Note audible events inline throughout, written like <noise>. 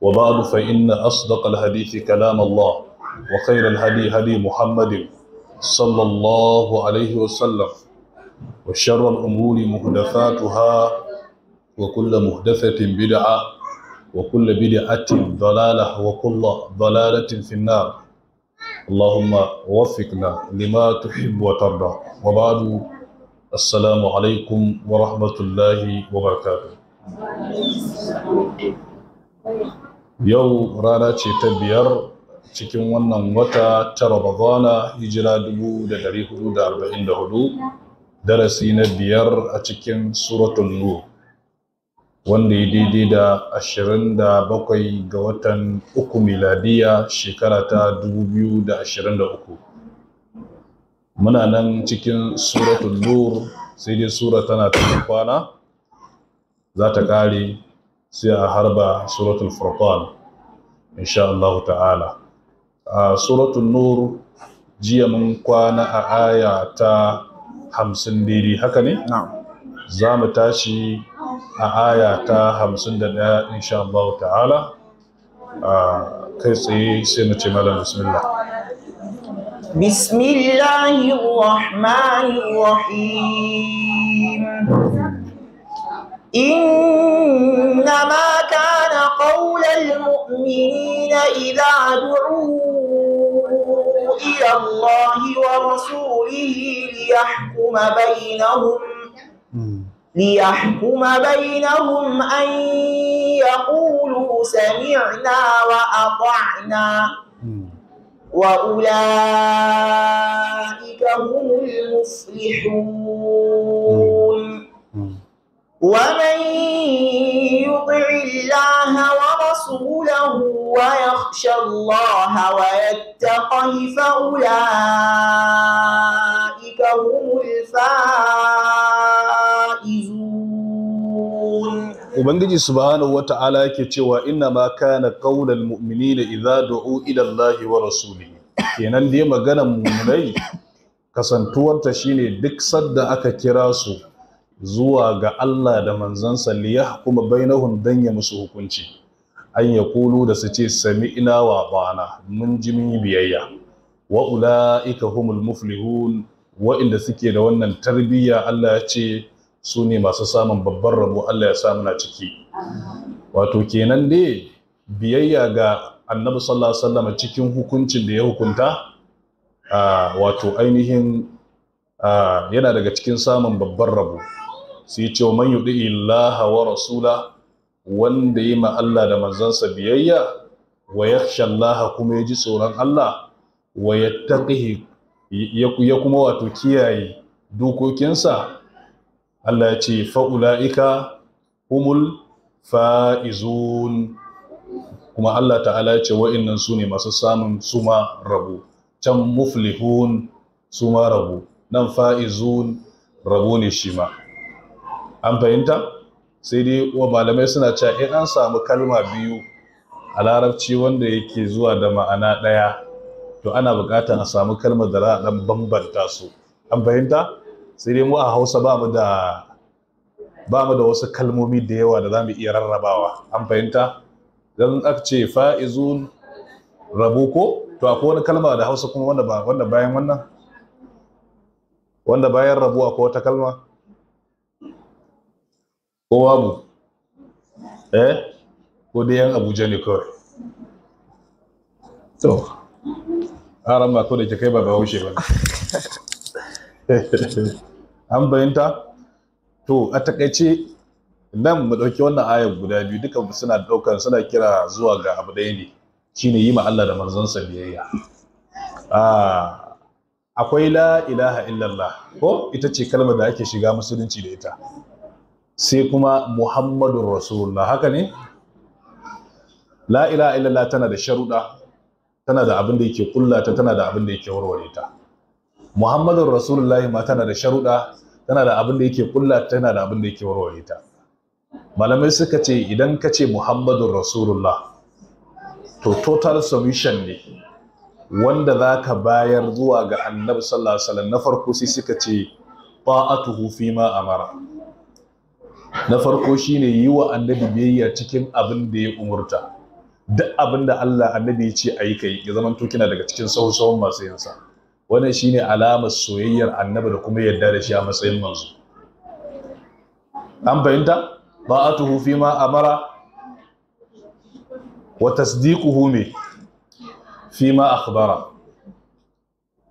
وبعد فإن أصدق الحديث كلام الله وخير الهدي هدي محمد صلى الله عليه وسلم وشر الأمور محدثاتها وكل محدثة بدعة وكل بدعة ضلالة وكل ضلالة في النار اللهم وفقنا لما تحب وترضى وبعد السلام عليكم ورحمة الله وبركاته yau rana ce ta biyar cikin wannan wata ta ramadana hijira 1444 darasi na biyar a cikin suratun nur wanda ya daidai da 27 ga watan uku miladiya shekara ta 2023 muna nan cikin suratun nur sai dai sura tana ta kwana za ta kare sai a harba suratul furqan insha Allah ta'ala a suratul nur jiya mun kwana a aya ta hamsin daidai haka ne? za mu tashi a aya ta hamsin da ɗaya insha Allah ta'ala kai tsaye sai mu ce malam bismillah بسم الله الرحمن الرحيم إنما كان قول المؤمنين إذا دعوا إلى الله ورسوله ليحكم بينهم ليحكم بينهم أن يقولوا سمعنا وأطعنا وأولئك هم المفلحون ومن يطع الله ورسوله ويخشى الله ويتقه فأولئك هم الفائزون Ubangiji subhanahu wa ta'ala yake cewa inna ma kana qaulal mu'minina idza du'u ila Allahi wa rasuli kenan dai maganar mu'minai kasantuwarta shine duk sadda aka kira su zuwa ga Allah da manzansa Saliya kuma bainahum dan ya musu hukunci an Kulu da su ce sami'na wa bana mun ji mun biyayya wa ulaika humul muflihun wa'inda suke da wannan tarbiyya Allah ya ce su ne masu samun babban rabo Allah ya sa muna ciki wato kenan dai biyayya ga annabi sallallahu alaihi cikin hukuncin da ya hukunta ah, wato ainihin ah, yana daga cikin samun babban rabo sai ce man yudi illaha wa rasula wanda yi ma Allah da manzansa biyayya wa ya Allah kuma ya ji tsoron Allah wa ya taƙihi ya kuma wato kiyaye dokokinsa Allah ya ce faula'ika ulaika humul faizun kuma Allah ta'ala ya ce wa'annan su ne masu samun suma rabu can muflihun suma rabu nan faizun rabu ne shi ma an fahimta sai dai wa malamai suna cewa in an samu kalma biyu a larabci wanda yake zuwa da ma'ana ɗaya to ana buƙatar a samu kalma da za a ɗan bambanta su an fahimta sai dai mu a hausa ba mu da ba mu da wasu kalmomi da yawa da za mu iya rarrabawa an fahimta don aka ce fa'izun rabu ko to akwai wani kalma da hausa kuma wanda bayan wannan wanda bayan rabu akwai wata kalma kowa babu eh ko dai yan abuja ne kawai to haram ba ko da ke kai ba haushe ba <laughs> an bayanta to a takaice nan mu ɗauki wannan ayar guda biyu duka suna ɗaukan suna kira zuwa ga abu ɗaya ne shine yi ma Allah da manzonsa biyayya ah, akwai la ilaha illallah ko ita ce kalmar da ake shiga musulunci da ita sai kuma muhammadun rasulullah haka ne la'ila ilaha tana da sharuɗa tana da abin da yake kullata tana da abin da yake warware ta muhammadun rasulullah ma tana da sharuɗa tana da abin da yake kullata tana da abin da yake warware ta malamai suka ce idan ka ce muhammadun rasulullah to total solution ne wanda za ka bayar zuwa ga annabi sallallahu alaihi wasallam na farko sai suka ce ta'atuhu fi ma amara na farko shine yi wa annabi biyayya cikin abin da ya umurta duk abin da Allah annabi ya ce ayi kai ya zama kina daga cikin sauran masu yinsa wannan shine alamar soyayyar annabi da kuma yarda da shi a matsayin manzo an fahimta ba'atuhu fi ma amara wa tasdiquhu me fi ma akhbara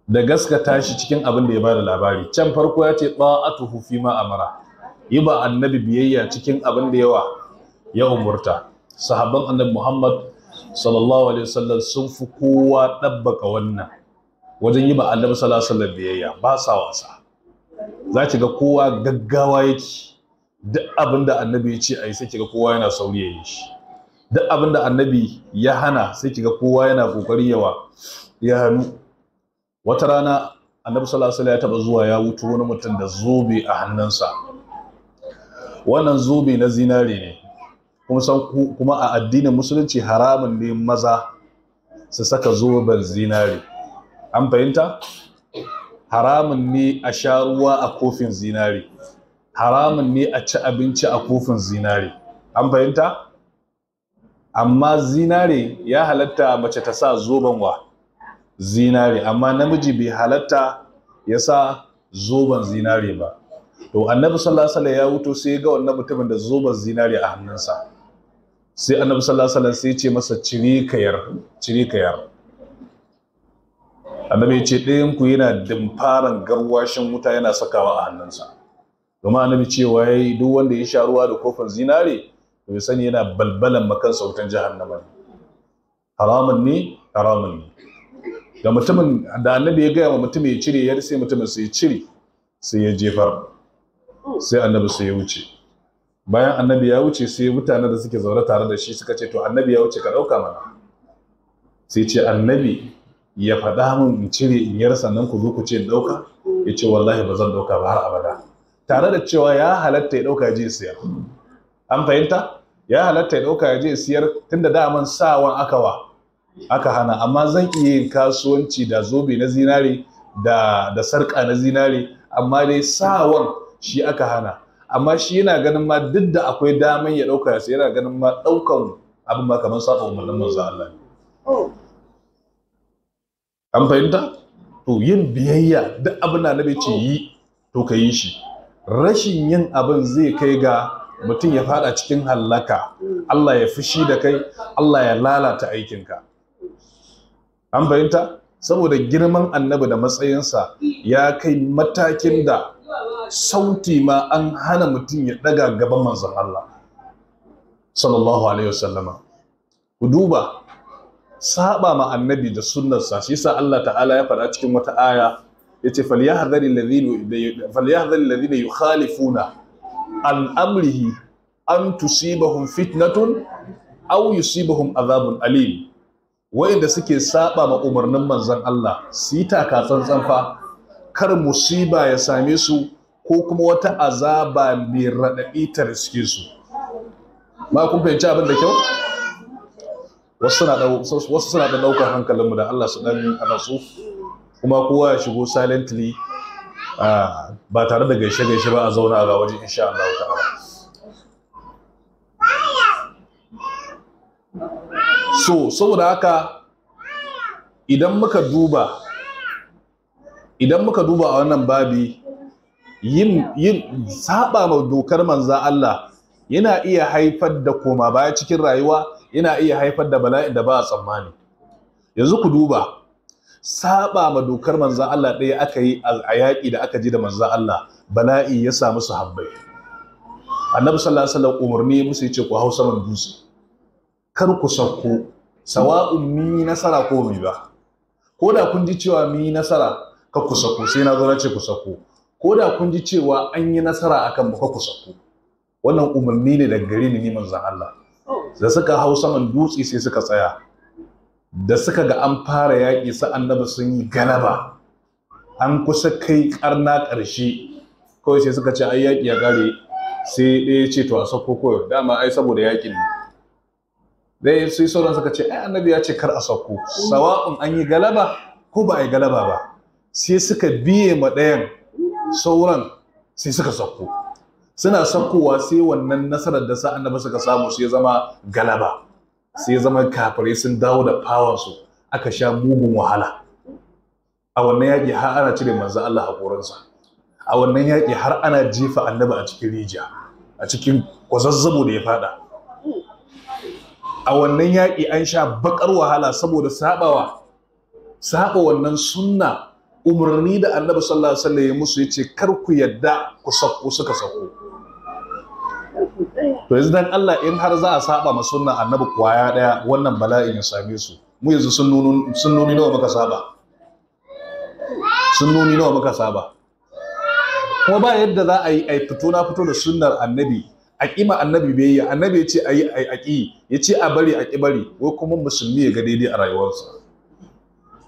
da gaskata shi cikin abin da ya bada labari can farko ya ce ba'atuhu fi ma amara yi ba annabi biyayya cikin abin da yawa ya umurta sahabban annabi Muhammad sallallahu alaihi wasallam sun fi kowa ɗabbaka wannan wajen yi ba annabi sallallahu alaihi wasallam biyayya ba sa wasa za ki ga kowa gaggawa yake duk abin da annabi ya ce a yi sai ki ga kowa yana sauri ya yi shi duk abin da annabi ya hana sai ki ga kowa yana kokari yawa ya hannu wata rana annabi sallallahu alaihi wasallam ya taba zuwa ya wuto wani mutum da zobe a hannunsa wannan zobe na zinare ne kuma san kuma a addinin musulunci haramun ne maza su saka zoben zinare an fahimta haramun ne a sha ruwa a kofin zinare haramun ne a ci abinci a kofin zinare an fahimta amma zinare ya halatta mace ta sa zoben wa zinare amma namiji bai halatta ya sa zoben zinare ba to annabi sallallahu alaihi wasallam ya wuto sai ya ga wannan mutumin da zuba zinari a hannunsa sai annabi sallallahu alaihi wasallam sai ya ce masa ciri kayar ciri kayar annabi ya ce ɗayan ku yana dimfaran garwashin wuta yana sakawa a hannunsa domin annabi cewa yi duk wanda ya sha ruwa da kofin zinari to ya sani yana balbalan makan sautan jahannama haramun ne haramun ne da mutumin da annabi ya gaya wa mutum ya cire ya sai mutumin sai ya cire sai ya jefar sai annabi sai ya wuce bayan annabi ya wuce sai mutanen da suke zaune tare da shi suka ce to annabi ya wuce ka ɗauka mana sai ce annabi ya faɗa min in cire in yar sannan ku zo ku ce dauka ya ce wallahi ba zan ɗauka ba har abada tare da cewa ya halatta ya ɗauka je siya an fahimta ya halatta ya ɗauka ya je siyar tunda da daman sawan aka wa aka hana amma zan iya yin kasuwanci da zobe na zinare da da sarƙa na zinare amma dai sawan shi aka hana amma shi yana ganin ma duk da akwai daman ya ɗauka sai yana ganin ma ɗaukan abin ma, kamar saba umarnin manzo Allah ne. an fahimta to yin biyayya duk abin da nabi ce yi to ka yi shi rashin yin abin zai kai ga mutum ya faɗa cikin hallaka Allah ya fushi da kai Allah ya lalata aikinka an fahimta saboda girman annabi da matsayinsa ya kai matakin da sauti ma an hana mutum ya daga gaban manzon Allah sallallahu alaihi wasallama ku duba saba ma annabi da sunnarsa shi yasa Allah ta'ala ya faɗa cikin wata aya yace falyahdharil ladhina falyahdharil ladhina yukhalifuna an amrihi an tusibahum fitnatun aw yusibahum azabun alim wa'inda suke saba ma umarnin manzon Allah su yi taka tsantsan fa kar musiba ya same su ko kuma wata azaba mai raɗaɗi ta riske su ma kun fahimci abin da kyau wasu suna da ɗaukar hankalinmu da Allah su ɗan anatsu kuma kowa ya shigo silently ba tare da gaishe-gaishe ba a zauna a ga waje insha Allah ta'ala so saboda haka idan muka duba idan muka duba a wannan babi yin yin saba ma dokar manzo Allah yana iya haifar da koma baya cikin rayuwa yana iya haifar da bala'in da ba a tsammani yanzu ku duba saba ma dokar manzo Allah ɗaya aka yi a yaƙi da aka ji da manzo Allah bala'i ya samu su habbai annabi sallallahu alaihi wasallam umarni musu yace ku hausa man dusu kar ku sauko sawa'un mi nasara ko mi ba ko da kun ji cewa mi nasara ka ku sai na zo na ce ku sauko ko da kun ji cewa an yi nasara akan ba ku sako wannan umarni ne daga gare ni zan Allah da suka hau saman dutse sai suka tsaya da suka ga an fara yaƙi sa annabi sun yi galaba an kusa kai karna ƙarshe kawai sai suka ce ai yaƙi ya ƙare sai ɗaya ce to a sako kawai dama ai saboda yaƙin ne dai sai sauran suka ce ai annabi ya ce kar a sako sawa'un an yi galaba ko ba a yi galaba ba sai suka biye ma ɗayan sauran sai suka sauko suna saukowa sai wannan nasarar da sa annabi suka samu sai zama galaba sai zama kafirai sun dawo da su aka sha mugun wahala a wannan yaƙi har ana cire manzo Allah haƙorinsa a wannan yaƙi har ana jefa annabi a cikin rijiya a cikin kwazazzabo da ya fada a wannan yaƙi an sha baƙar wahala saboda sabawa saɓa wannan sunna umarni da annabi sallallahu alaihi wasallam ya musu yace kar ku yadda ku sako suka sako to yanzu dan Allah in har za a saba ma sunna annabi ya daya wannan bala'in ya same su mu yanzu sunnoni nawa muka saba sunnoni nawa muka saba kuma ba yadda za a yi a fito na fito da sunnar annabi a kima annabi bai yi annabi ya ce a yi a ƙi ya ce a bari a ƙi bari wai kuma musulmi ya ga daidai a rayuwarsa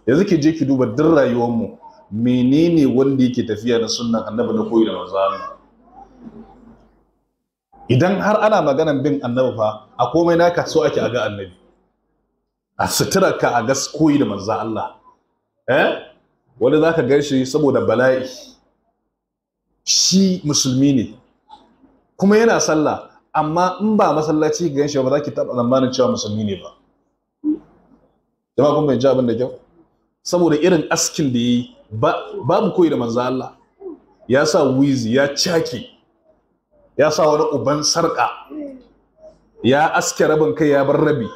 yanzu ki je ki duba duk rayuwarmu menene wanda yake tafiya da sunnan annabi na koyi da manzo idan har ana maganan bin annabi fa a komai naka so ake a ga annabi a sutura ka a ga koyi da manzo Allah eh wani zaka ganshi saboda bala'i shi musulmi ne kuma yana sallah amma in ba masallaci ga ganshi ba za ki taɓa cewa musulmi ne ba jama'a kuma ya ji abin da kyau saboda irin askin da ya yi babu koyi da manzo Allah ya sa wizi ya caki ya sa wani uban sarka ya aske rabin kai ya bar rabi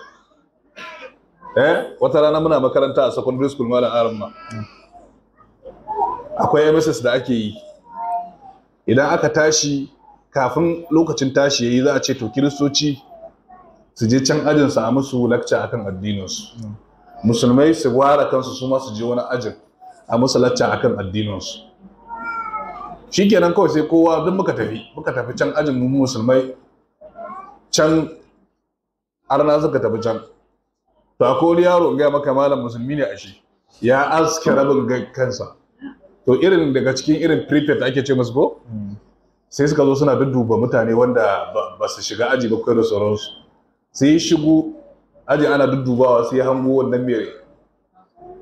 eh wata rana muna makaranta a secondary school malam aramma akwai MSS da ake yi idan aka tashi kafin lokacin tashi yayi za a ce to kiristoci su je can ajinsu a musu lecture akan addininsu mm. musulmai su gwara kansu su ma su je wani ajin a musu lacca akan addininsu shikenan kawai sai kowa duk muka tafi muka tafi can ajin mu musulmai can arna suka tafi can to ko wani yaro ga maka malam musulmi ne a shi ya aske rabin kansa to irin daga cikin irin prefect ake ce masu ko sai suka zo suna dudduba mutane wanda ba su shiga aji ba kai da sauransu sai shigo aji ana duddubawa sai ya hango wannan mai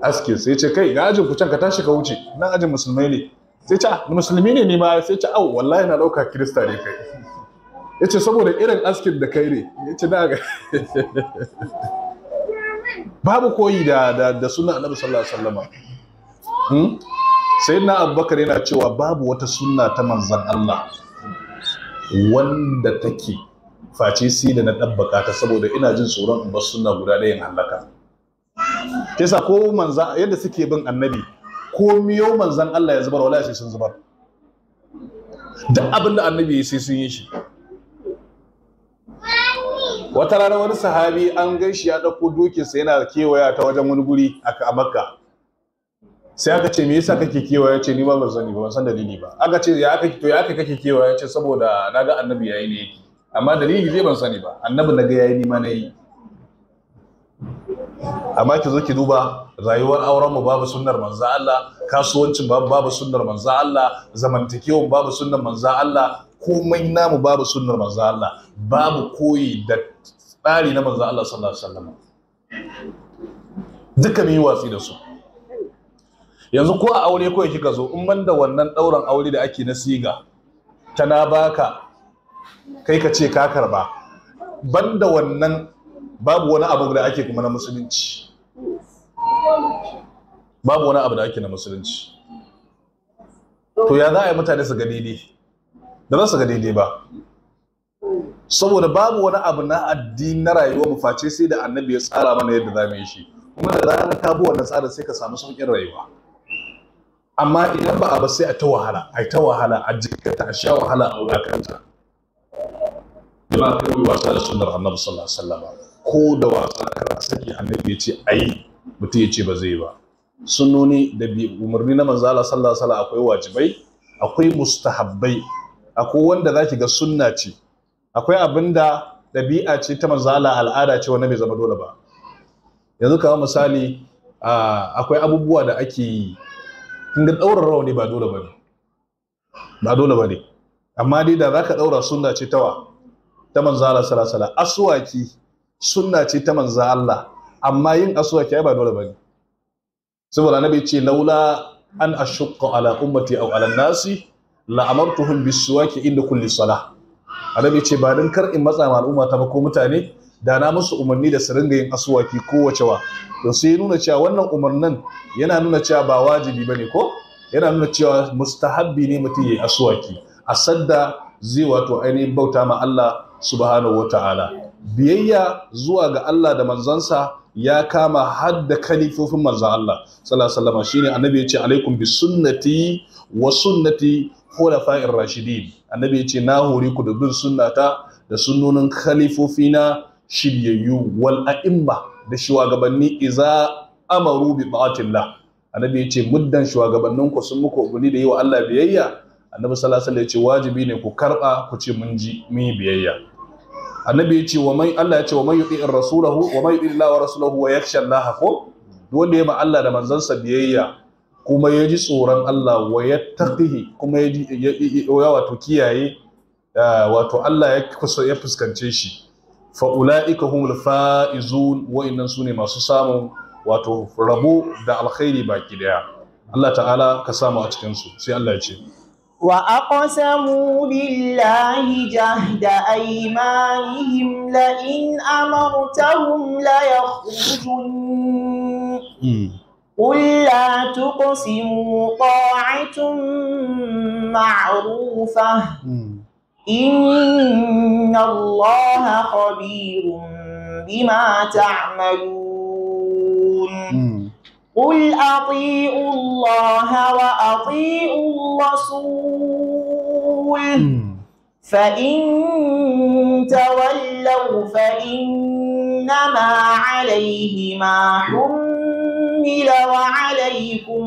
aske sai ce kai ga ajin ku can ka tashi ka wuce nan ajin musulmai ne sai ce ah, musulmi ne ni ma sai ce au wallahi na dauka kirista ne kai yace saboda irin askin da kai ne yace da ga babu koyi da da, da sunna annabi sallallahu alaihi wasallam hmm? sayyidina abubakar yana cewa babu wata sunna ta manzon Allah wanda take face si da na dabbaka ta saboda ina jin tsoron in bar sunna guda ɗayan halaka yasa ko manza yadda suke bin annabi ko miyo manzan Allah ya zubar wallahi sai sun zubar duk abin da annabi ya sai sun yi shi wata rana wani sahabi an gan shi ya ɗauko sa yana kewaya ta wajen wani guri a makka sai aka ce me yasa kake kewaya ce ni ba ban sani ba ban san dalili ba aka ce ya aka to ya aka kake kewaya ce saboda naga annabi yayi ne yake amma dalili zai ban sani ba annabi naga yayi ni ma na yi amma ki zo ki duba rayuwar auren mu babu sunnar manzo Allah kasuwancin babu babu sunnar manzo Allah zamantakewan babu sunnar manzo Allah komai namu babu sunnar manzo Allah babu koyi da tsari na manzo Allah sallallahu alaihi wasallam duka mu yi watsi da su yanzu ko a aure ko kika zo in banda wannan dauran aure da ake na siga Tana baka kai ka ce ka karba banda wannan babu wani abu da ake kuma na musulunci babu wani abu da ake na musulunci to ya za a yi mutane su ga daidai da za su ga daidai ba saboda babu wani abu na addini na rayuwa mu face sai da annabi ya tsara mana yadda za mu yi shi kuma da zarar ka bi wannan tsarin sai ka samu sauƙin rayuwa amma idan ba a ba sai a ta wahala a ta wahala a jikata a sha wahala a wulakanta ka yi wasa da sunar annabi sallallahu alaihi wasallam ko da wasa kar saki annabi ya ce ai, mutum ya ce ba zai ba sunnoni da umarni na manzo Allah sallallahu alaihi wasallam akwai wajibai akwai mustahabbai akwai wanda zaki ga sunna ce akwai abinda dabi'a ce ta manzo Allah al'ada ce wanda bai zama dole ba yanzu kawo misali akwai abubuwa da ake yi kin ga daura rawani ba dole ba ne. ba dole ba ne. amma dai da zaka daura sunna ce tawa ta manzo Allah sallallahu alaihi wasallam aswaki sunna ce ta manzan Allah amma yin asuwa aswaki ba dole bane saboda annabi ce laula an ashqa ala ummati aw ala nasi la amartuhum biswaki inda kulli salah annabi ce ba dan kar in matsa ma al'umma ta ba ko mutane da na musu umarni da su ringa yin asuwaki kowace wa to sai nuna cewa wannan umarnin yana nuna cewa ba wajibi bane ko yana nuna cewa mustahabbi ne mutum ya yi asuwaki. a sadda zai wato ainihin bauta ma Allah subhanahu wataala biyayya zuwa ga Allah da manzansa ya kama hadda kalifofin manzan Allah sallallahu shi shine annabi ya ce, alaikum bi sunnati wa sunnati khulafa'ir rashidin annabi ya ce, na hori ku da bin sunnata da sunnonin kalifofina shiryayyu wal a'imma da shugabanni iza amaru bi ta'atillah annabi ya ce, muddan ku sun muku ubuni da yi wa Allah biyayya annabi sallallahu alaihi wasallam wajibi ne ku karɓa ku ce mun ji mun biyayya annabi ya ce wa mai Allah ya ce wa mai yuti in rasulahu wa mai yuti wa rasulahu wa yakhsha Allah ko wanda ya ba Allah da manzansa biyayya kuma ya ji tsoron Allah wa yattaqihi kuma ya ji ya wato kiyaye wato Allah ya kusa ya fuskance shi fa ulaika humul faizun wa innan sune masu samun wato rabo da alkhairi baki daya Allah ta'ala ka samu a cikin su sai Allah ya ce وأقسموا بالله جهد أيمانهم لئن أمرتهم ليخرجن قل لا تقسموا طاعة معروفة إن الله خبير بما تعملون قل أطيعوا الله وأطيعوا الرسول فإن تولوا فإنما عليه ما حمل وعليكم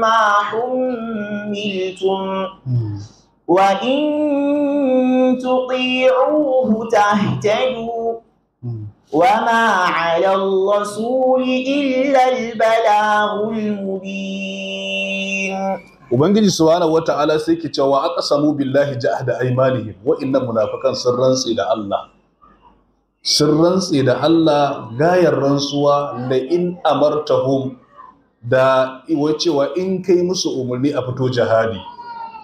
ما حملتم وإن تطيعوه تهتدوا وما على الرسول إلا البلاغ المبين Ubangiji subhanahu wata'ala sai ke cewa aqsamu billahi jahda aymanihim wa innal munafiqan sun rantsi da Allah sun da Allah gayar rantsuwa da in amartahum da cewa in kai musu umarni a fito jihadi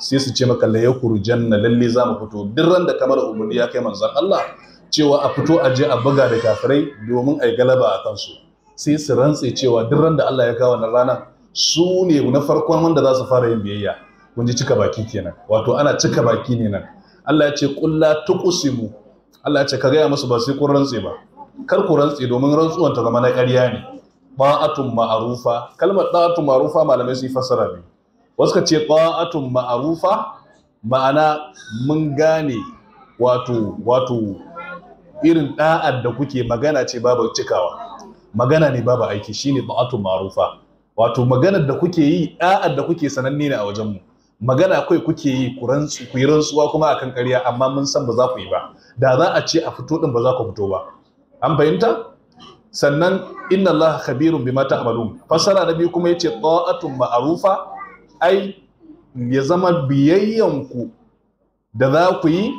sai su ce maka la yakuru janna lalle za mu fito duk ran da kamar umarni ya kai manzon Allah cewa a fito a je a buga da kafirai domin a yi galaba a kansu sai su rantse cewa duk ran da Allah ya kawo na rana su ne na farkon wanda za su fara yin biyayya kun ji cika baki kenan wato ana cika baki ne nan Allah ya ce kulla tuqsimu Allah ya ce ka gaya musu ba sai kun rantse ba kar ku rantse domin rantsuwan ta zama na ƙarya ne ba'atun ma'arufa kalmar da'atun ma'arufa malamai su fassara ne wasu ka ce ba'atun ma'arufa ma'ana mun gane wato wato irin da'ar da kuke magana ce babu cikawa magana ne babu aiki shine da'atu ma'rufa wato maganar da kuke yi da'ar da kuke sananne ne a wajen mu magana kai kuke yi ku yi rantsuwa kuma akan ƙarya amma mun san ba za ku yi ba da za a ce a fito din ba za ku fito ba an fahimta sannan inna Allah khabirun bima ta'malun fasara na biyu kuma yace ta'atun ma'rufa ai ya zama biyayyan ku da za ku yi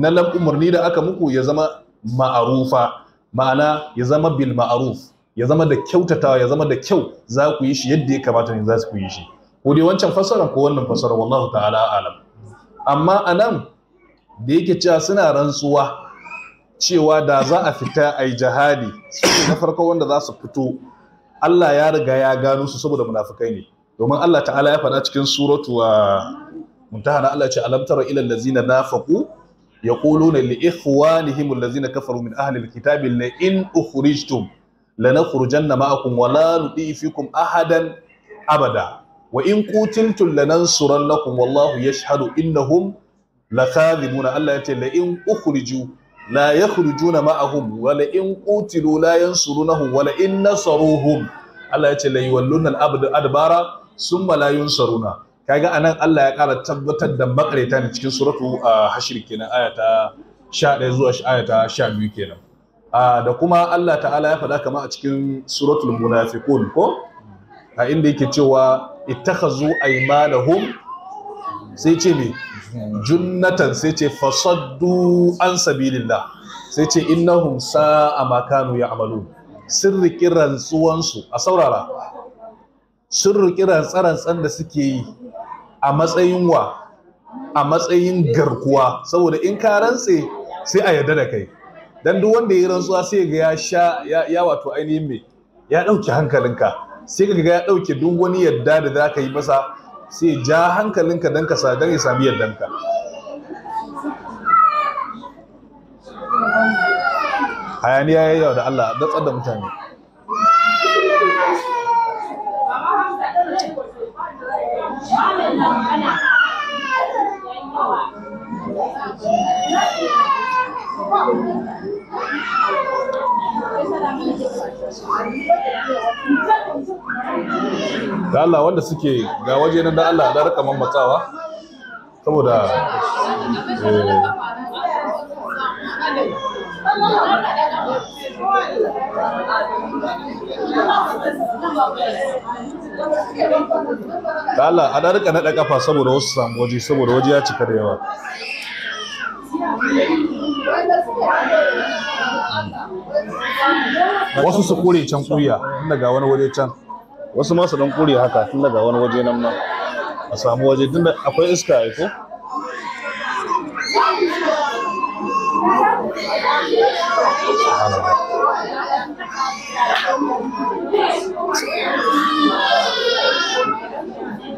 na umarni da aka muku ya zama ma'arufa ma'ana ya zama bil ma'aruf ya zama da kyautatawa ya zama da kyau za ku yi shi yadda ya kamata ne za ku yi shi ko dai wancan fassara ko wannan fasaran wallahu ta'ala alam amma anan da yake cewa suna rantsuwa cewa da za a fita ai jihadi na farko wanda za su fito Allah ya riga ya gano su saboda munafukai ne domin Allah ta'ala ya faɗa cikin suratu wa ah, muntaha na Allah ce alam tara ilal ladzina nafaqu يقولون لإخوانهم الذين كفروا من أهل الكتاب لئن أخرجتم لنخرجن معكم ولا نطيع فيكم أحدا أبدا وإن قتلتم لننصرنكم والله يشهد إنهم لكاذبون الله يتلى لئن أخرجوا لا يخرجون معهم ولئن قتلوا لا ينصرونهم ولئن نصروهم الله يتلى ليولون الأدبار ثم لا ينصرون kaga anan Allah ya ƙara tabbatar da makareta ne cikin suratu hashir kenan ayata 11 zuwa ayata 12 kenan da kuma Allah ta'ala ya faɗa kama a cikin suratul munafiqun ko a inda yake cewa ittakhazu aymanahum sai ce me junnatan sai ce fasaddu an sabilillah sai ce innahum sa'a ma kanu ya'malun Sirri kiran tsuwansu, a saurara Sirri kiran tsaran tsan da suke yi a matsayin wa a matsayin garkuwa saboda in ka rantse sai a yarda da kai dan duk wanda ya rantsuwa sai ga ya sha ya wato ainihin me ya ɗauki hankalinka sai ka ga ya ɗauke duk wani yarda da za ka yi masa sai ja hankalinka dan ka sa don ya sami yardanka hayaniya ya yi da Allah da tsada mutane da Allah wanda suke ga waje na da Allah da rika matsawa saboda eh da ana rika naɗa ƙafa saboda wasu samu waje saboda waje ya cika da yawa wasu su kure can kuriya tun daga wani waje can wasu masu dan kure haka tun daga wani waje nan ma a samu waje tun da akwai iska ya ko Subhanallah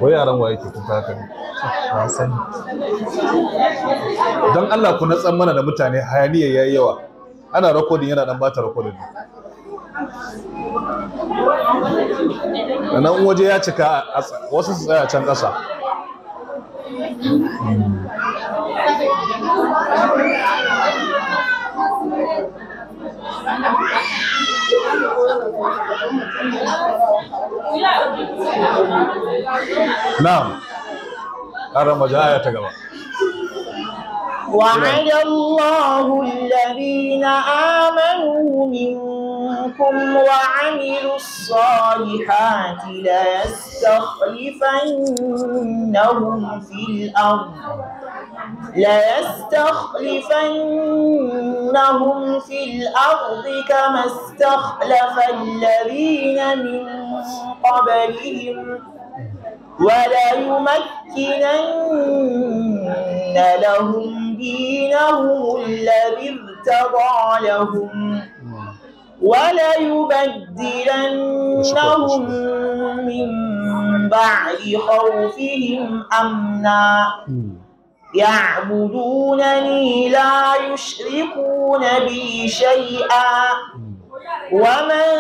wai yaran waye ke kuka haka ne sani don Allah ku natsan mana da mutane hayaniya yi yawa ana rakodin yana dan bata rakodin nan waje ya cika wasu su tsaya can ƙasa Thank hmm. you. na'am ƙarar majina ya ta gaba وعد نعم. الله الذين آمنوا منكم وعملوا الصالحات ليستخلفنهم في الأرض ليستخلفنهم في الأرض كما استخلف الذين من قبلهم ولا يمكنن لهم دينهم الذي ارتضى لهم ولا يبدلنهم من بعد خوفهم أمنا يعبدونني لا يشركون بي شيئا ومن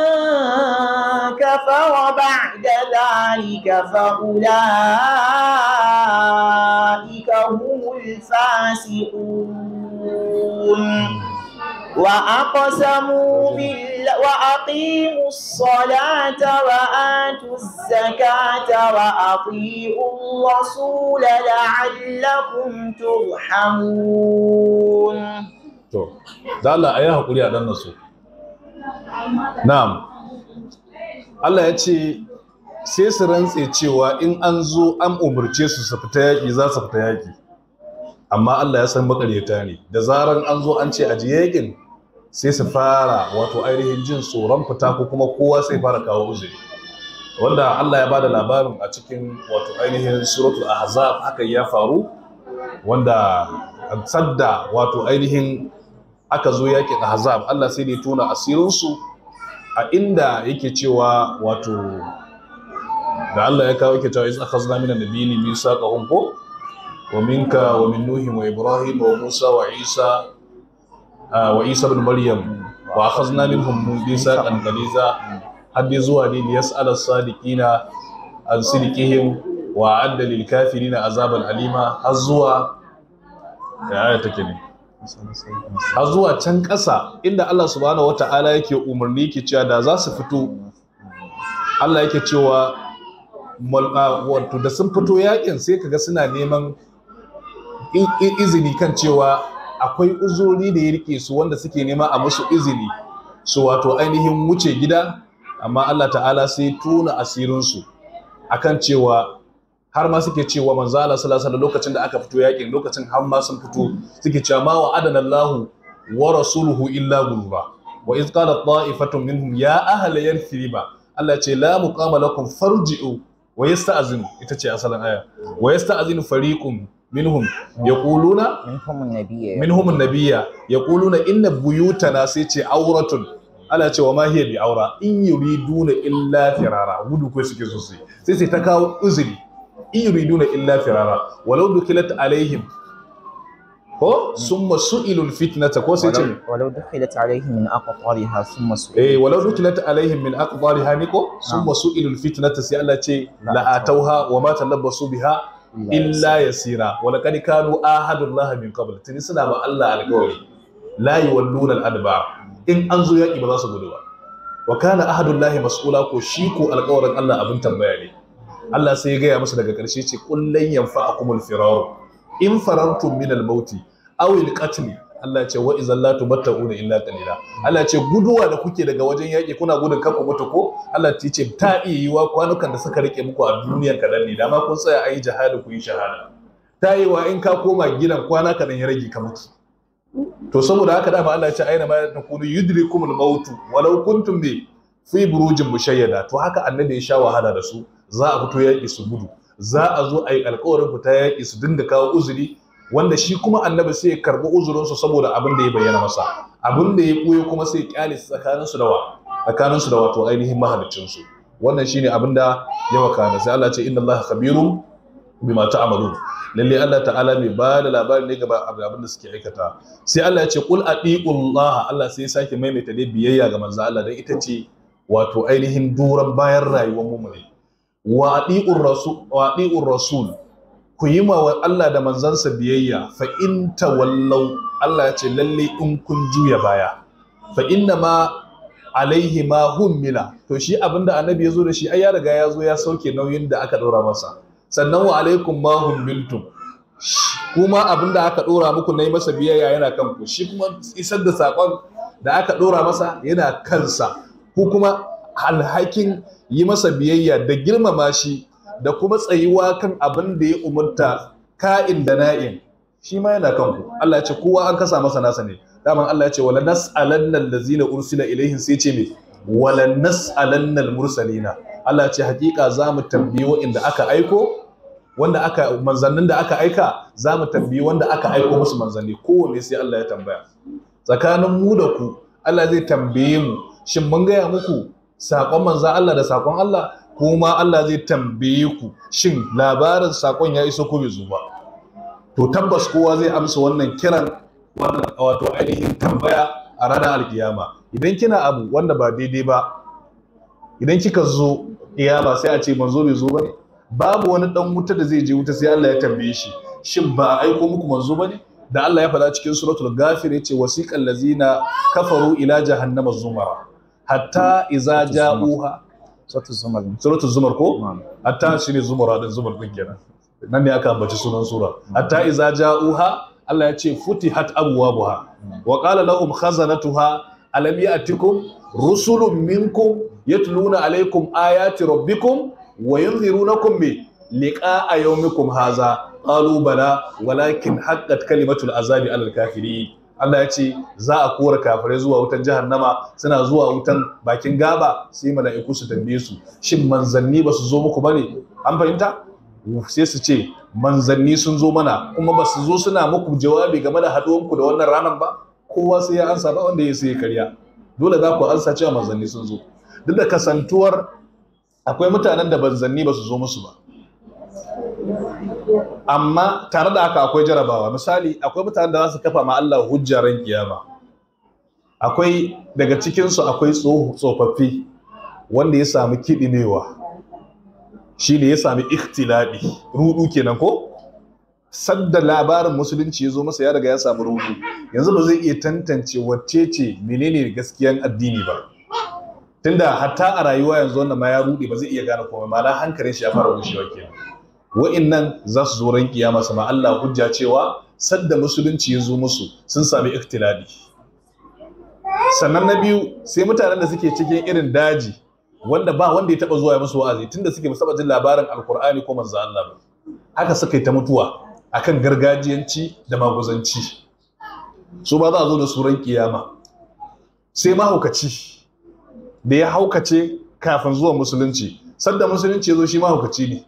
كفر بعد ذلك فأولئك هم الفاسقون وأقسموا بال... وأقيموا الصلاة وآتوا الزكاة وأطيعوا الرسول لعلكم ترحمون. ده لا أيها كلية ده النصوص. na'am Allah ya ce sai su rantse cewa in an zo an umurce su su fita yaƙi za su fita yaƙi amma Allah ya san makaryata ne da zaran an zo an ce a ji yaƙin sai su fara wato ainihin jin tsoron fita ko kuma kowa sai fara kawo uzi wanda Allah ya bada labarin a cikin wato ainihin suratul ahzab hakan ya faru wanda sadda wato ainihin aka zo yakin ahzab Allah sai da ya asirin asirinsu a inda yake cewa wato da Allah ya kawo yake cewa iz akhazna minan nabiyyin misaqahum ko wa minka wa min nuhi wa ibrahim wa musa wa isa wa isa ibn maryam wa akhazna minhum misaqan ghaliza haddi zuwa ne da yas'ala sadiqina an sidqihim wa adda lil kafirina azaban alima har zuwa da ayata take a zuwa can ƙasa inda Allah subhanahu wata'ala yake umarni ke cewa da za su fito Allah yake cewa ah, wato da sun fito yakin sai ka ga suna neman izini kan cewa akwai uzuri da ya rike su wanda suke nema a musu izini su wato ainihin wuce gida amma Allah ta'ala sai tuna asirinsu akan cewa har ma suke cewa manzo Allah sallallahu alaihi lokacin da aka fito yakin lokacin har ma sun fito suke cewa ma wa adana Allah wa rasuluhu illa gurba wa iz qala ta'ifatun minhum ya ahla yathriba Allah ce la muqama lakum farji'u wa yasta'zinu ita ce asalin aya wa yasta'zinu fariqum minhum yaquluna minhum an-nabiyya yaquluna inna buyutana sai ce auratun Allah ce wa ma hiya bi aura in yuriduna illa firara gudu kai suke so sai sai ta kawo uzuri in yuriduna illa firara walau dukilat alaihim ko summa su'ilul fitnata ko sai ce walau dukilat alaihim min aqtariha summa su'ilul eh walau dukilat alaihim min aqtariha ne ko summa su'ilul fitnata sai Allah ce la'atauha wa ma talabbasu biha illa yasira wa laqad kanu ahadullah min qabl tuni suna ba Allah alƙawari la yuwalluna al-adbar in an zo yaki ba za su gudu ba wa kana ahadullah mas'ula ko shi ko alƙawarin Allah abin tambaya ne Allah sai ya gaya masa daga ƙarshe ce kullan yanfa'akumul firar in farartum min al-mauti aw al-qatl Allah ce wa idan la tumatta'una illa qalila Allah ce guduwa da kuke daga wajen yaki kuna gudun kan ku mutu ko Allah ta ce ta iya yi wa kwanukan da suka rike muku a duniyar kadan ne dama kun tsaya ayi jihadi ku yi shahada ta yi wa in ka koma gidan kwana kadan ya rage ka mutu to saboda haka dama Allah ya ce aina ma ta takunu yudrikumul mautu walau kuntum bi fi burujin mushayyada to haka annabi ya sha wahala da su za a fito yaƙi su gudu za a zo a yi alkawarin fita yaƙi su dinga kawo uzuri wanda shi kuma annabi sai ya karɓi uzurinsu saboda abin da ya bayyana masa abin da ya ɓoye kuma sai ya ƙyale tsakaninsu da wa tsakaninsu da wato ainihin mahaliccinsu wannan shine abin da ya wakana sai Allah ce inna Allah khabirun bima ta'malun lalle Allah ta'ala mai ba da labarin ne gaba abin da suke aikata sai Allah ya ce qul laha. Allah sai ya sake maimaita dai biyayya ga manzo Allah dan ita ce wato ainihin duran bayan rayuwar mu'mini wa rasul ku yi ma Allah da manzansa biyayya fa in wallau Allah ya ce lalle in kun juya baya fa inna ma alaihi ma hummila to shi abinda annabi ya zo da shi ai ya riga ya zo ya sauke nauyin da aka ɗora masa sannan wa alaikum ma hummiltum kuma abinda aka ɗora muku nayi masa biyayya yana kan ku. shi kuma isar da sakon da aka ɗora masa yana kansa ku kuma alhakin yi masa biyayya da girmama shi da kuma tsayuwa kan abin da ya umurta ka'in da na'in shi ma yana kan ku. Allah ya ce kowa an kasa masa nasa ne daman Allah ya ce wala nas'alanna allazina ursila ilaihim sai ce me wala nas'alanna almursalina Allah ya ce hakika za tambayi wanda aka aiko wanda aka manzannin da aka aika za mu tambayi wanda aka aiko musu manzanni kowanne sai Allah ya tambaya tsakanin mu da ku Allah zai tambaye mu shin mun gaya muku Saƙon manza Allah da saƙon Allah kuma Allah zai tambaye ku shin labarin saƙon ya iso ko bai zo ba to tabbas kowa zai amsa wannan kiran wannan wato ainihin tambaya a ranar alkiyama idan kina abu wanda ba daidai ba idan kika zo kiyama sai a ce manzo bai zo ba babu wani dan wuta da zai je wuta sai Allah ya tambaye shi shin ba a aiko muku manzo bane? da Allah ya faɗa cikin suratul ghafir yace wasiqal ladzina kafaru ila jahannama zumara hatta iza ja'uha suratul zumar ko hatta shine zumar da ah, zumar din kenan nan ne aka ambaci sunan sura hatta iza ja'uha Allah ya ce futihat abwabuha wa qala lahum khazanatuha alam ya'tikum rusulun minkum yatluna alaykum ayati rabbikum wa yunzirunakum bi liqa'a yawmikum hadha qalu bala walakin haqqat kalimatul azabi alal kafirin Allah ya ce za a kora kafirai zuwa wutan jahannama suna zuwa wutan bakin gaba sai mala'iku su tambaye su shin manzanni ba su zo muku bane an fahimta sai su ce manzanni sun zo mana kuma ba su zo suna muku jawabi game da haɗuwanku da wannan ranar ba kowa sai ya ansa ba wanda ya sai karya dole za ku ansa cewa manzanni sun zo duk da kasantuwar akwai mutanen da manzanni ba su zo musu ba amma tare da haka akwai jarabawa misali akwai mutane da za su kafa ma Allah hujja ran kiyama akwai daga cikinsu akwai tsofaffi wanda ya sami kidinewa shi ne ya sami ikhtilabi rudu kenan ko sadda labarin musulunci ya zo masa ya daga ya samu rudu yanzu ba zai iya tantance wacce ce menene gaskiyan addini ba tunda hatta a rayuwa yanzu wannan ma ya rudi ba zai iya gane komai ma hankalin shi ya fara rushewa kenan wa'innan za su zo ran kiyama sama Allah hujja cewa sadda musulunci ya zo musu sun sami ikhtilafi sannan na biyu sai mutanen da suke cikin irin daji wanda ba wanda ya taba zuwa musu wa'azi tunda suke ba saba jin labarin alkur'ani ko manzo Allah ba haka suka ta mutuwa akan gargajiyanci da maguzanci su ba za a zo da suran kiyama sai mahaukaci da ya haukace kafin zuwa musulunci sadda musulunci ya zo shi mahaukaci ne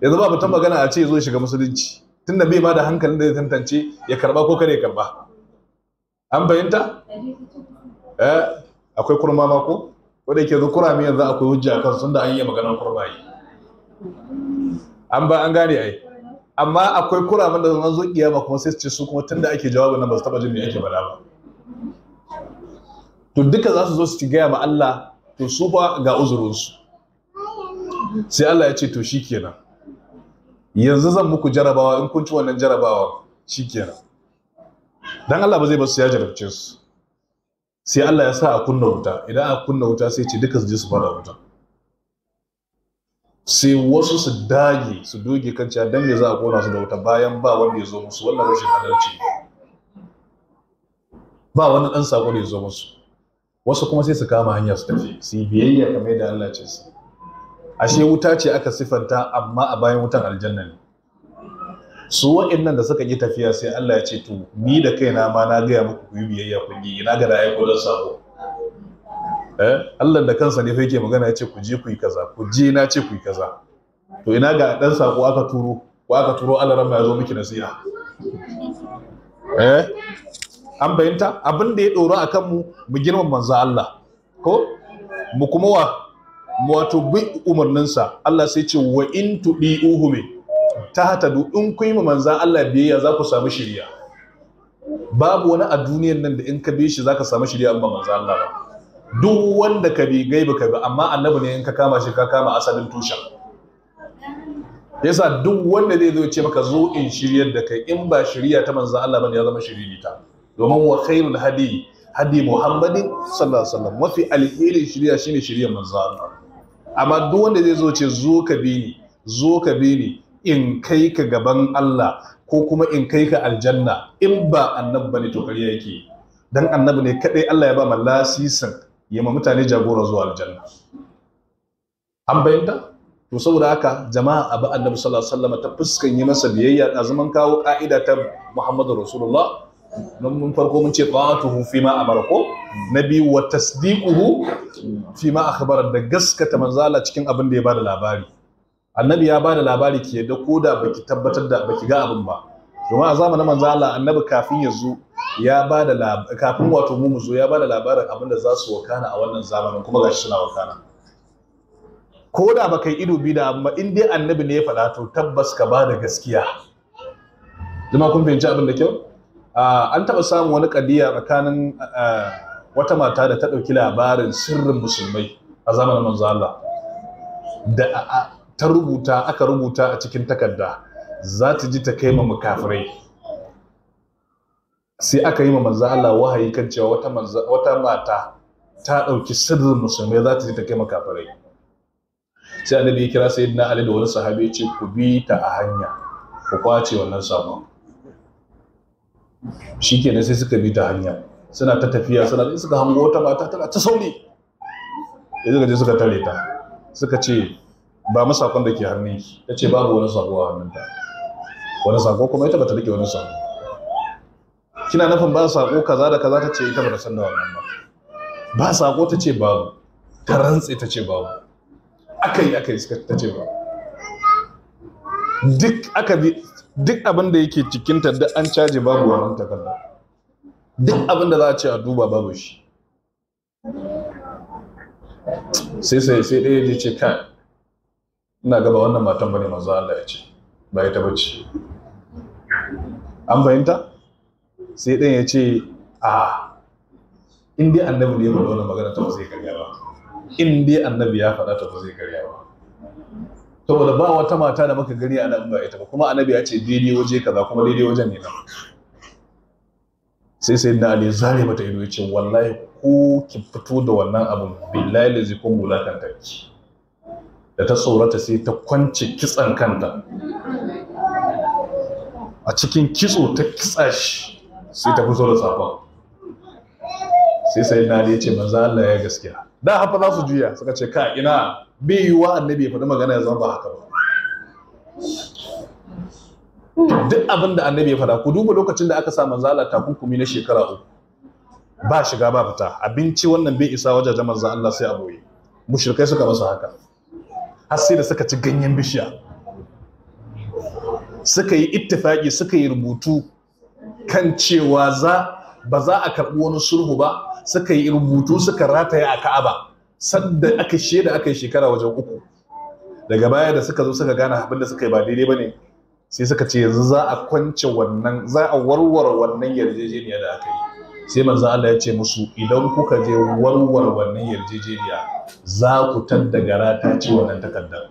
yanzu ba mutum magana a ce zo shiga musulunci tunda bai ba da hankalin da zai tantance ya karba ko kare karba an bayanta eh akwai kurma ma ko wanda yake zukura mai yanzu akwai hujja kan sun da an yi maganar kurma yi an ba an gane ai amma akwai kuraman da zan zo kiyama kuma sai su ce su kuma tunda ake jawabin nan ba su taba jin me yake faɗa ba to duka za su zo su ci gaya ma Allah to su ba ga uzurinsu sai Allah ya ce to shikenan yanzu zan muku jarabawa in kun ci wannan jarabawa kenan dan Allah ba zai ba su ya jarabce su sai Allah ya sa a kunna wuta idan a kunna wuta sai ce duka su je su fara wuta sai wasu su dage su doge kan cewa dan me za a kona su da wuta bayan ba wanda ya zo musu wannan rashin adalci ba wani dan sako da ya zo musu wasu kuma sai su kama hanya su tafi su yi biyayya kamar da Allah ce su ashe wuta ce aka sifanta amma a bayan wutan aljanna ne su wa'annan da suka yi tafiya sai Allah ya ce to ni da kaina ma na gaya muku ku yi biyayya ku yi ina ga ra'ayi ko sabo eh Allah da kansa ne fa yake magana ya ce ku je ku yi kaza ku je na ce ku yi kaza to ina ga dan sako aka turo ko aka turo Allah ran ya zo miki nasiha eh an bayinta abin da ya doro akan mu mu girmama manzo Allah ko mu kuma wa wato bi umarninsa Allah sai ce wa in tuɗi uhume ta hatadu in kun yi manzan Allah biyayya za ku samu shiriya babu wani a duniyar nan da in ka bi shi za ka samu shiriya amma manzan Allah ba duk wanda ka bi gaiba ka bi amma annabi ne in ka kama shi ka kama asalin tushen yasa duk wanda zai zo ce maka zo in shirya da kai in ba shirya ta manzan Allah bane ya zama shiririta domin wa khairul hadi hadi muhammadin sallallahu alaihi wasallam mafi alheri shirya shine shiriyar manzan Allah amma duk wanda zai zo ce zo ka bi ni zo ka bi ni in kai ka gaban Allah ko kuma in kai ka aljanna in ba annabi bane to kariya yake dan annabi ne kadai Allah ya ba mu lasisin ya ma mutane jagora zuwa aljanna an bayyana to saboda haka jama'a abu annabi sallallahu alaihi wasallam ta fuskan yi masa biyayya a zaman kawo ka'ida ta Muhammadu Rasulullah mun farko mun ce ta'atuhu fi ma amara ko na biyu wa tasdiquhu fi ma da gaskata manzala cikin abin da ya bada labari annabi ya bada labari ki yadda ko da baki tabbatar da baki ga abin ba domin a zamanin manzala annabi kafin ya zo ya bada kafin wato mu zo ya bada labarin abin da za su wakana a wannan zamanin kuma gashi suna wakana ko da baka ido biyu da amma in dai annabi ne ya faɗa to tabbas ka bada gaskiya jama'a kun fahimci abin da kyau Ah, an taɓa samun wani kadiya tsakanin eh, wata mata da ta ɗauki labarin sirrin musulmai a zamanin manzo Allah da ta rubuta aka rubuta a cikin takarda za ta ji ta kai ma mukafirai sai aka yi ma manzo Allah wahayi kan cewa wata wata mata ta ɗauki sirrin musulmai za ta ji ta kai makafirai sai annabi ya kira sayyidina Ali da wani sahabi ya ce ku bi ta a hanya ku kwace wannan sabon shi kenan sai suka bi ta hanya suna ta tafiya suna suka hango wata mata tana ta sauri ya suka je suka tare ta suka ce ba mu sakon da ke hannun ya ta ce babu wani sako a hannun ta. wani sako kuma ita bata rike wani sako kina nufin ba sako kaza da kaza ta ce ita bata san da wannan ba ba sako ta ce babu ta rantse ta ce babu akai akai suka ta ce babu duk aka bi duk abin da yake cikin da an caje babu wannan takarda duk abin da za a ce a duba babu shi sai sai sai ɗaya ya ce kan ina gaba wannan matan bane mazu Allah ya ce ba ita bace an fahimta sai ɗayan ya ce a in dai annabi ne ya faɗa wannan magana ta ba zai karya ba in dai annabi ya faɗa ta ba zai karya ba saboda ba wata mata da muka gani ana nan ba ita ba kuma annabi ya ce daidai waje kaza kuma daidai wajen ne nan sai sai na ali zare mata ido ya wallahi ko ki fito da wannan abu billahi lazi ko mulakan ki da ta tsorata sai ta kwance kitsan kanta a cikin kitso ta kitsa shi sai ta fito da safa sai sai na ne ce manzo Allah ya gaskiya da haka za su juya suka ce ka ina bai yiwa annabi ya faɗi magana ya zama ba haka ba duk abin da annabi ya faɗa ku duba lokacin da aka sa manzo Allah takunkumi na shekara uku ba shiga ba fita abinci wannan bai isa wajajen manzo Allah sai a boye mushrikai suka masa haka har sai da suka ci ganyen bishiya suka yi ittifaki suka yi rubutu kan cewa za ba za a karɓi wani sulhu ba suka yi rubutu suka rataye a ka'aba sanda aka shaida aka yi shekara wajen uku daga baya da suka zo suka gane abin da suka yi ba daidai ba ne sai suka ce yanzu za a kwance wannan za a warware wannan yarjejeniya da aka yi sai manzo Allah ya ce musu idan kuka je warware wannan yarjejeniya za ku tadda gara ta ci wannan takaddar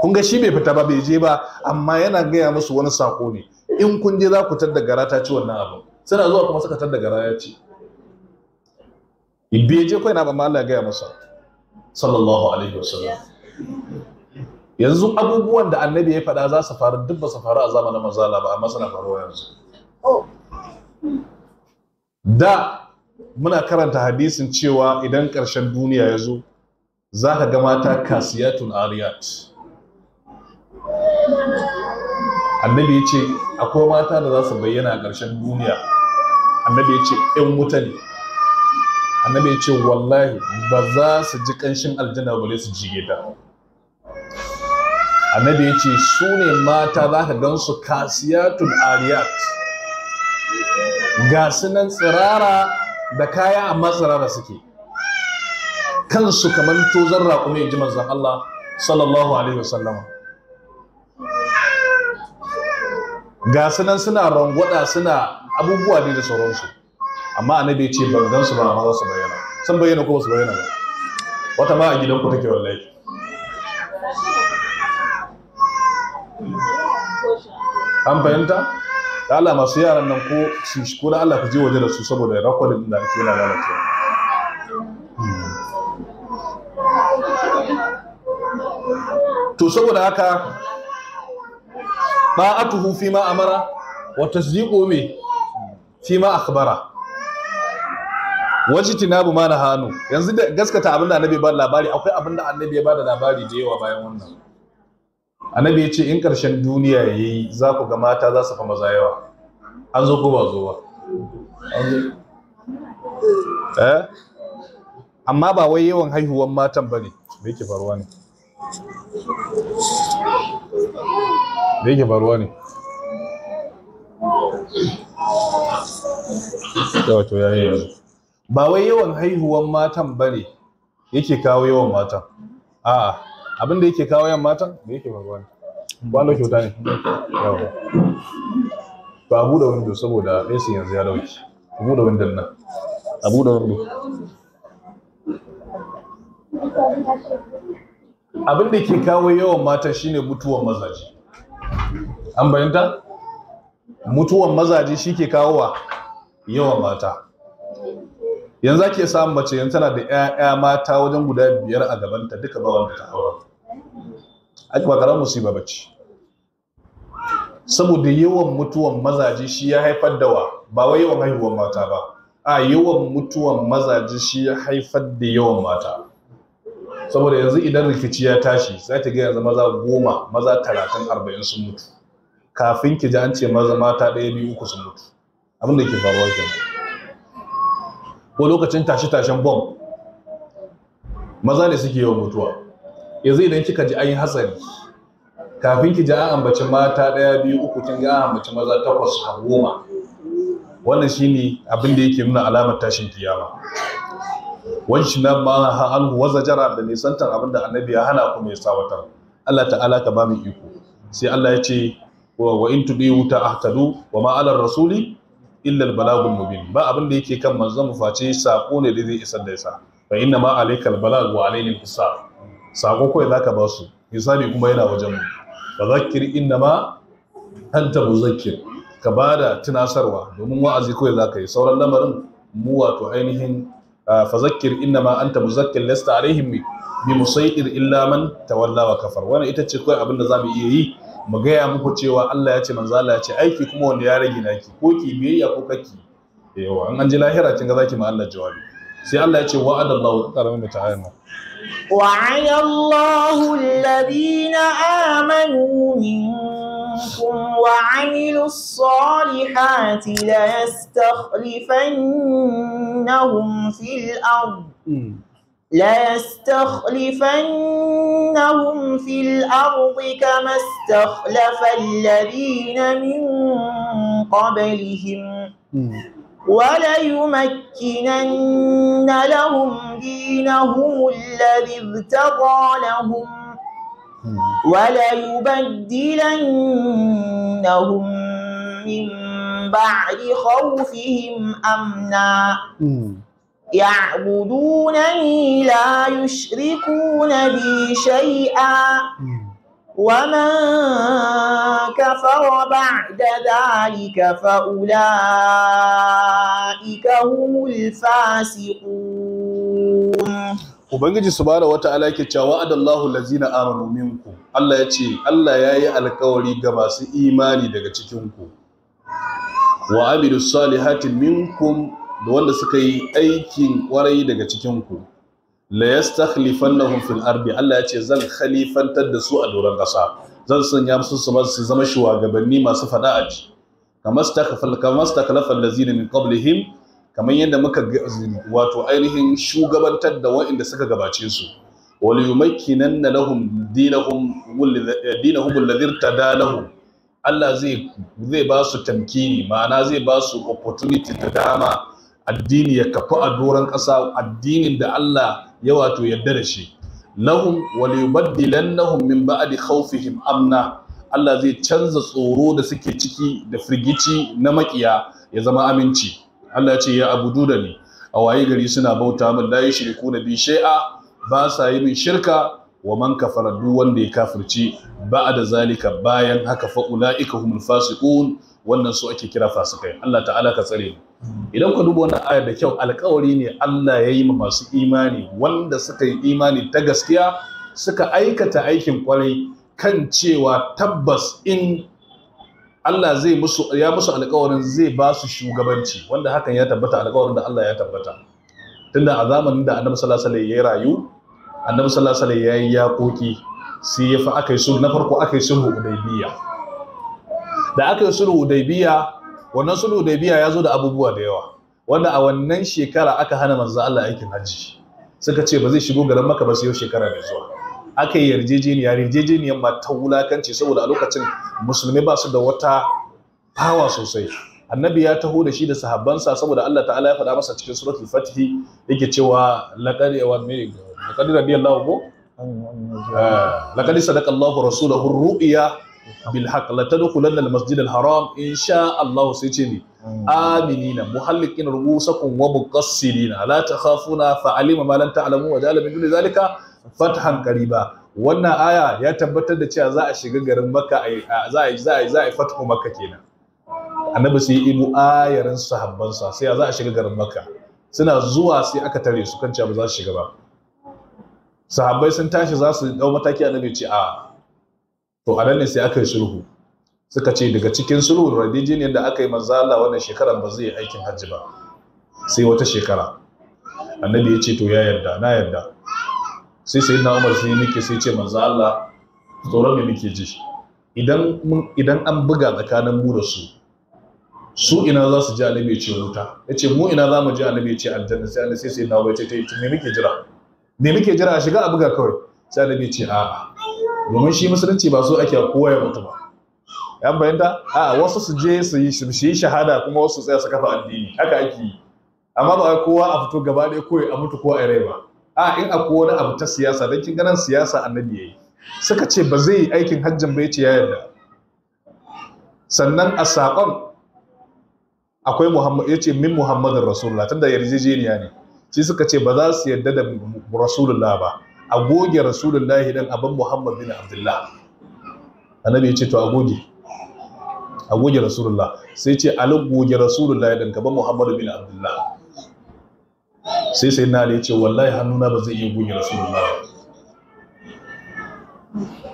kun ga shi bai fita ba bai je ba amma yana gaya musu wani sako ne in kun je za ku tadda gara ta ci wannan abin suna zuwa kuma suka da gara ya ci bai je ko ina ba ma gaya masa sallallahu alaihi wasallam yanzu abubuwan da annabi ya faɗa za su faru duk su faru a zamanin manzala ba amma suna faruwa yanzu da muna karanta hadisin cewa idan ƙarshen duniya ya zo za ka ga mata kasiyatun ariyat annabi ya ce akwai mata da za su bayyana a ƙarshen duniya annabi ya ce 'yan wuta ne annabi ya ce wallahi ba za su ji ƙanshin aljanna ba su ji ta annabi ya ce su ne mata za ka gan su kasiyatul ariyat ga su nan tsirara da kaya amma tsirara suke kansu kamar tozon raƙumi ya ji manzan Allah sallallahu alaihi wasallam ga su nan suna rangwada suna abubuwa ne da sauransu amma annabi ce ban gan su ba amma za su bayyana sun bayyana ko su bayyana ba wata ma a gidanku take wallahi an fahimta da Allah masu yaran nan ko su shi da Allah ku je waje da su saboda rakwa da ake yana lalacewa to saboda haka ba'atuhu fi ma amara wa tasdiqu bi fi ma akhbara wajen tinabu ma na hannu yanzu da gaskata abin da annabi ba labari akwai abin da annabi ya ba da labari da yawa bayan wannan annabi ya ce in karshen duniya ya yi za ku ga mata za su fa maza yawa an zo ko ba zo ba eh? amma ba wai yawan haihuwan matan ba ne da yake faruwa ne da yake faruwa ne da wato yayi yanzu ba wai yawan haihuwan matan ba ne yake kawo yawan matan a'a abin da yake kawo yawan matan da yake faruwa ne na kyauta ne ba a buɗa wando saboda AC yanzu ya dauki a buɗa wando nan a buɗa wando abin da ke kawo yawan mata shine mutuwan mazaje an bayanta mutuwan mazaje shi ke kawo wa yawan mata yanzu ake samun mace yanzu tana da 'ya'ya mata wajen guda biyar a gabanta duka ba wanda ta aure. ake ba karan musiba bace saboda yawan mutuwan mazaje shi ya haifar da wa ba wai yawan haihuwar mata ba a yawan mutuwan mazaje shi ya haifar da yawan mata saboda yanzu idan rikici ya tashi sai ta ga yanzu maza goma maza talatin arba'in sun mutu kafin ki ji an ce maza mata ɗaya biyu uku sun mutu abin da ke faruwa kenan ko lokacin tashe-tashen bom maza ne suke yawan mutuwa yanzu idan kika ji an yi hatsari kafin ki ji an ambaci mata ɗaya biyu uku kin ga an ambaci maza takwas a goma wannan shine abin da yake nuna alamar tashin kiyama shi na ma an waza jara da nisantar abin da annabi ya hana kuma ya sawatar Allah ta'ala ka ba mu iko sai Allah ya ce wa in tudiyu wuta ahtadu wa ma rasuli illal balagul mubin ba abin da yake kan manzon mu face sako ne da zai isar da isa fa inna ma alaikal balag wa alaina hisab sako kawai zaka ba su hisabi kuma yana wajen mu fa zakkir inna ma anta muzakkir ka bada tunasarwa domin wa'azi kawai zaka yi sauran lamarin mu wato ainihin fa inna ma anta muzakkir lasta alaihim bi musaitir illa man tawalla wa kafar wannan ita ce kawai abin da zamu iya yi mu gaya muku cewa Allah ya ce manzo Allah ya ce aiki kuma wanda ya rage naki ko ki biyayya ko kaki yawa an an ji lahira kin ga zaki ma Allah jawabi sai Allah ya ce wa'ada ta'ayna wa ta'ala alladhina amanu minkum wa amilus salihati la yastakhlifannahum fil ardh hmm. ليستخلفنهم في الأرض كما استخلف الذين من قبلهم وليمكنن لهم دينهم الذي ارتضى لهم وليبدلنهم من بعد خوفهم أمنا يعبدونني لا يشركون بي شيئا ومن كفر بعد ذلك فأولئك هم الفاسقون Ubangiji subhanahu wata'ala yake cewa wa'adallahu allazina amanu minkum Allah ya ce Allah ya yi alkawari ga masu imani daga cikinku wa amilu salihatin minkum da wanda suka yi aikin kwarai daga cikin ku la yastakhlifannahum fil ardi Allah ya ce zan khalifantar da su a doron ƙasa zan sanya musu su zama shugabanni masu fada a ji kamar stakhlafa allazina min qablihim kamar yadda muka wato ainihin shugabantar da waɗanda suka gabace su وليمكنن لهم دينهم دينهم الذي Allah zai ba su tamkini ma'ana zai ba su opportunity da dama addini ya kafa a doron ƙasa addinin da Allah ya wato yadda da shi lahum wal yubaddilannahum min ba'di khawfihim amna Allah zai canza tsoro da suke ciki da firgici na makiya ya zama aminci Allah ce ya abu Duda ni a waye gari suna bauta min la yushriku na bi shai'a? ba sa yi min shirka wa man kafara duk wanda ya kafirci da zalika bayan haka fa ulaika humul fasiqun wannan su ake kira fasikai Allah ta'ala ka tsare mu idan ku duba wannan ayar da kyau alkawari ne Allah ya yi ma masu imani wanda suka yi imani ta gaskiya suka aikata aikin kwarai kan cewa tabbas in Allah zai musu ya musu alkawarin zai ba su shugabanci wanda hakan ya tabbata alkawarin da Allah ya tabbata tunda a zamanin da Annabi sallallahu alaihi ya rayu Annabi sallallahu alaihi ya yi yakoki sai ya fa akai sulhu na farko akai yi sulhu Hudaybiya da aka yi sulhu Hudaybiya wannan sulhu da biya ya zo da abubuwa da yawa wanda a wannan shekara aka hana manzo Allah aikin hajji suka ce ba zai shigo garin Makka ba sai yau shekara da zuwa aka yi yarjejeniya yarjejeniyar ma ta wulakanci saboda a lokacin musulmi ba su da wata hawa sosai annabi ya taho da shi da sahabbansa saboda Allah ta'ala ya faɗa masa cikin suratul fatihi yake cewa laqad wa me laqad radiyallahu ko eh, laqad sadaqa Allahu rasulahu ru'ya bil لا la tadkhulanna al masjid al haram insha Allah sai ce ne aminina muhalliqin ru'usakum wa muqassirina la takhafuna fa alima ma lan ta'lamu wa ja'ala min duni zalika wannan aya ya tabbatar da cewa za a shiga garin Makka za a za a za a fathu kenan annabi sai ya ibu ayarin sahabbansa sai za a shiga garin Makka suna zuwa sai aka tare su kan cewa ba za su shiga ba sahabbai sun tashi za su dau mataki annabi ce a to a nan sai aka yi sulhu suka ce daga cikin sulhu radijin da aka yi manzo Allah wannan shekarar ba zai yi aikin hajji ba sai wata shekara annabi ya ce to ya yarda na yarda sai sai na umar sai nake sai ce manzo Allah tsoron me nake ji idan idan an buga tsakanin mu da su su ina za su ji annabi ya ce wuta ya ce mu ina za mu ji annabi ya ce aljanna sai annabi sai sai na umar ya ce me muke jira me muke jira a shiga a buga kawai sai annabi ya ce a'a domin shi musulunci ba so ake koya ya mutu ba yan bayanta a wasu su je su yi shahada kuma wasu tsaya su kafa addini haka ake yi amma ba kowa a fito gaba ɗaya ko a mutu ko a rai ba a in kowa wani abu ta siyasa don kin ganin siyasa annabi yayi suka ce ba zai yi aikin hajjin bai ce ya yarda sannan a saƙon akwai muhammad ya ce min muhammadin rasulullah tunda yarjejeniya ne Shi suka ce ba za su yarda da rasulullah ba a goge rasulullahi dan abin muhammad bin abdullah annabi ya ce to a goge a goge rasulullah sai ce a goge rasulullah dan gaban muhammad bin abdullah sai sai na ya ce wallahi hannuna ba zai iya goge rasulullah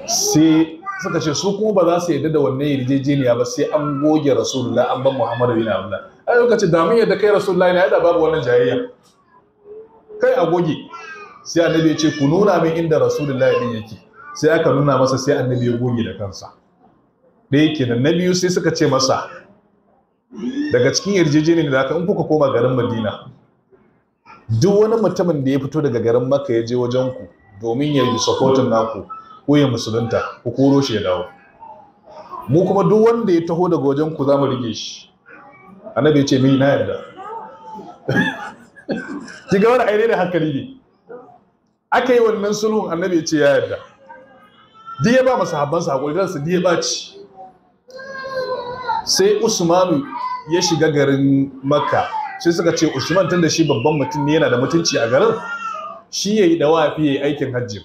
sai suka ce su kuma ba za su yadda da wannan yarjejeniya ba sai an goge rasulullah an ban muhammadu bin abdullah a lokacin da mun yadda kai rasulullah ne da babu wannan jayayya kai a goge sai annabi ya ce ku nuna min inda rasulullahi din yake sai aka nuna masa sai annabi ya goge da kansa ɗaya kenan na biyu sai suka ce masa daga cikin yarjejeniyar da aka in kuka koma garin madina duk wani mutumin da ya fito daga garin maka ya je wajen ku domin ya yi sakotin naku ko ya musulunta ku koro shi ya dawo mu kuma duk wanda ya taho daga wajen ku za mu rige shi annabi ya ce mai na yarda <laughs> ki wani aire da hankali ne aka yi wannan sulhun annabi ce ya yarda duk ya ba masahabban sa hakuri ransa duk ya baci sai Usman ya shiga garin makka sai suka ce usman tun da shi babban mutum ne yana da mutunci a garin shi ya yi da wafi ya yi aikin hajji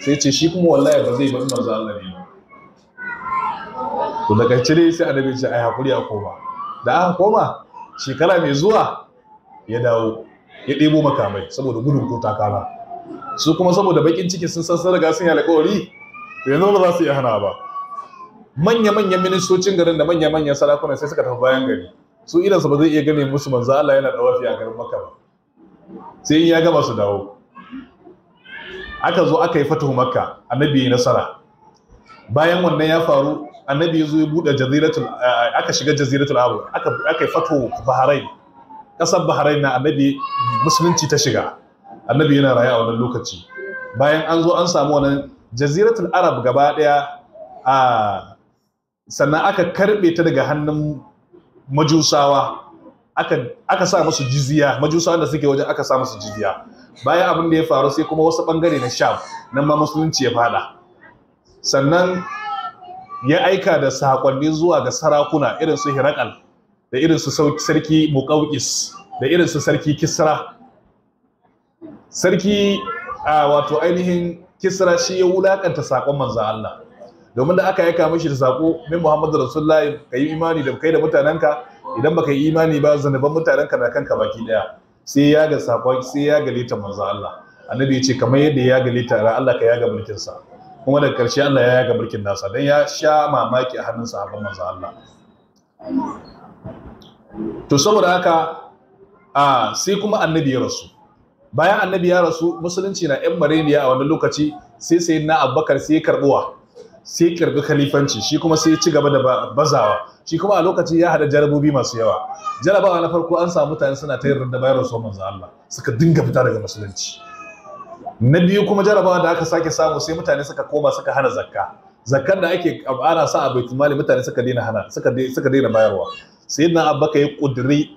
sai ce shi kuma wallahi ba zai bari manzo Allah ne to daga cire sai annabi ce ai hakuri a koma da aka koma shekara mai zuwa ya dawo ya ɗebo makamai saboda gudun ko takara su kuma saboda bakin ciki sun san sarrafa sun yi to yanzu ba za su iya hana ba manya-manyan ministocin garin da manya-manyan sarakunan sai suka tafi bayan gari su su ba zai iya gane musu manzo Allah yana dawafi a garin Makka ba sai ya gama su dawo aka zo aka yi fatuhu Makka annabi ya nasara bayan wannan ya faru annabi ya zo ya bude jaziratul aka shiga jaziratul arab aka aka yi fatuhu Bahrain kasar Bahrain na annabi musulunci ta shiga annabi yana raye a wannan lokaci bayan an zo an samu wannan jaziratul arab gaba daya a sannan aka karbe ta daga hannun majusawa aka aka sa musu jizya majusawa da suke wajen aka sa musu jizya bayan abin da ya faru sai kuma wasu bangare na sham nan ma musulunci ya fada sannan ya aika da sakonni zuwa ga sarakuna irin su hirakal da irin su sarki muqawqis da irin su sarki kisra sarki a wato ainihin kisra shi ya wulakanta sakon manzo Allah domin da aka aika mishi da sako min Muhammadu Rasulullahi ka yi imani da kai da mutanenka idan baka yi imani ba zanuban mutanenka da kanka baki daya sai ya ga sakon sai ya ga litan Allah annabi ya ce kamar yadda ya ga litan Allah ka ya ga mulkin sa kuma da karshe Allah ya ga mulkin nasa dan ya sha mamaki a hannun sahabban manzo Allah to saboda haka a sai kuma annabi ya rasu bayan annabi ya rasu musulunci na yan mareniya a wani lokaci sai sai na abubakar sai karbuwa sai kirbi khalifanci shi kuma sai ci gaba da bazawa shi kuma a lokaci ya hada jarabobi masu yawa jarabawa na farko an samu mutane suna ta yarda bayan rasuwar manzo Allah suka dinga fita daga musulunci na biyu kuma jarabawa da aka sake samu sai mutane suka koma suka hana zakka zakkar da ake ana sa a baitul mutane suka daina hana suka suka daina bayarwa sayyidina abubakar ya kudiri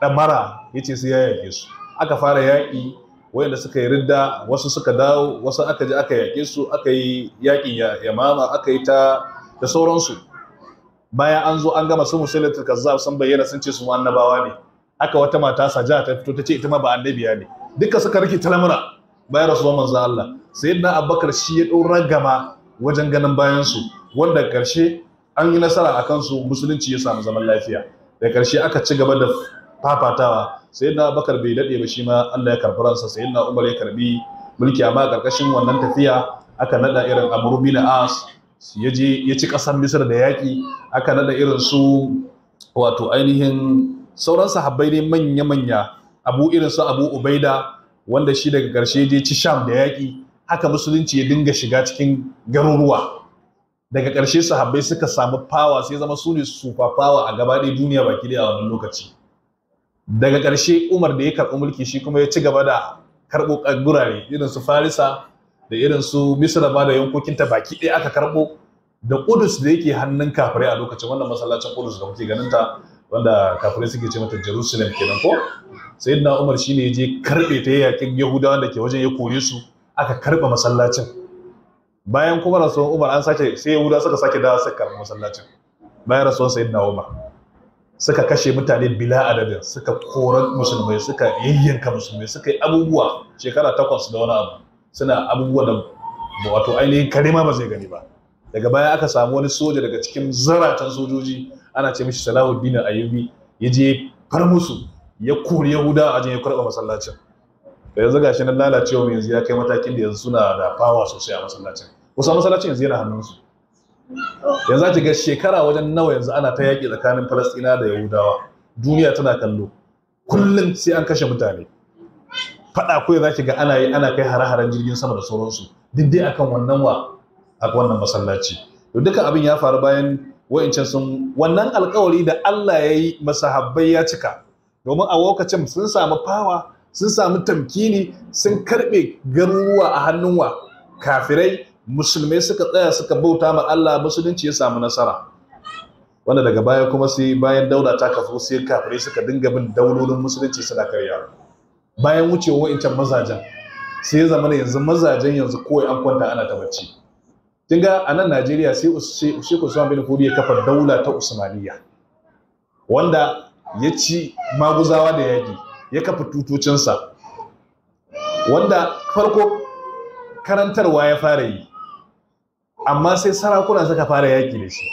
damara yace sai ya yake su aka fara yaƙi wayanda suka yi ridda wasu suka dawo wasu aka je aka yaƙe su aka yi yaƙin yamama aka yi ta da sauransu bayan an zo an gama su musulunta kazzab sun bayyana sun ce su annabawa ne aka wata mata saja ta fito ta ce ita ma ba annabiya ne duka suka rike talamura bayan rasuwar manzon Allah sai sayyidina Abubakar shi ya ɗora gama wajen ganin bayan su wanda ƙarshe an yi nasara a kansu musulunci ya samu zaman lafiya da ƙarshe aka ci gaba da fafatawa sayyidina bakar bai dade ba shi ma Allah ya karbi ransa sayyidina Umar ya karbi mulki amma karkashin wannan tafiya aka nada irin Amr bin As ya ya ci kasar Misr da yaki aka nada irin su wato ainihin sauran sahabbai ne manya-manya abu irin su Abu Ubaida wanda shi daga karshe je ci Sham da yaki haka musulunci ya dinga shiga cikin garuruwa daga ƙarshe sahabbai suka samu fawa sai zama sune ne super power a gaba ɗaya duniya baki ɗaya a wannan lokaci daga ƙarshe umar da ya karɓi mulki shi kuma ya ci gaba da karɓo gurare irin su farisa da irin su misra ma da yankokinta baki ɗaya aka karɓo da kudus da yake hannun kafirai a lokacin wannan masallacin kudus da muke ganin ta wanda kafirai suke ce mata jerusalem kenan ko sayyidina umar shi ya je karɓe ta yakin yahudawa da ke wajen ya kore su aka karɓe masallacin bayan kuma rasuwan umar an sake sai yahudawa suka sake dawa suka karɓi masallacin bayan rasuwan sayyidina umar suka kashe mutane bila adadin suka koran musulmai suka yayyanka musulmai suka yi abubuwa shekara takwas da wani abu suna abubuwa da wato ainihin kalima ba zai gani ba daga baya aka samu wani soja daga cikin zaratan sojoji ana ce mishi salahuddin ayyubi ya je far musu ya kori yahuda a jin ya karɓa masallacin da yanzu gashi nan lalacewa yanzu ya kai matakin da yanzu suna da fawa sosai a masallacin wasu masallacin yanzu yana hannunsu yanzu za ga shekara wajen nawa yanzu ana ta yaƙi tsakanin falastina da yahudawa duniya tana kallo kullum sai an kashe mutane faɗa kawai za ki ga ana yi ana kai hare-haren jirgin sama da sauransu duk dai akan wannan wa a wannan masallaci to duka abin ya faru bayan wa'incan sun wannan alkawari da Allah ya yi masahabbai ya cika domin a lokacin sun samu fawa sun samu tamkini sun karɓe garuruwa a hannun wa kafirai musulmai suka tsaya suka bauta ma Allah musulunci ya samu nasara wanda daga baya kuma sai bayan daula ta kafu sai kafirai suka dinga bin daulolin musulunci suna karya bayan wucewa wa'incan mazajen sai ya zama yanzu mazajen yanzu kawai an kwanta ana ta bacci kin ga a nan Najeriya sai Sheikh Usman bin Fodi ya kafa daula ta Usmaniyya wanda ya ci maguzawa da yaƙi ya kafa tutocinsa wanda farko karantarwa ya fara yi amma sai sarakuna suka fara yaƙi da shi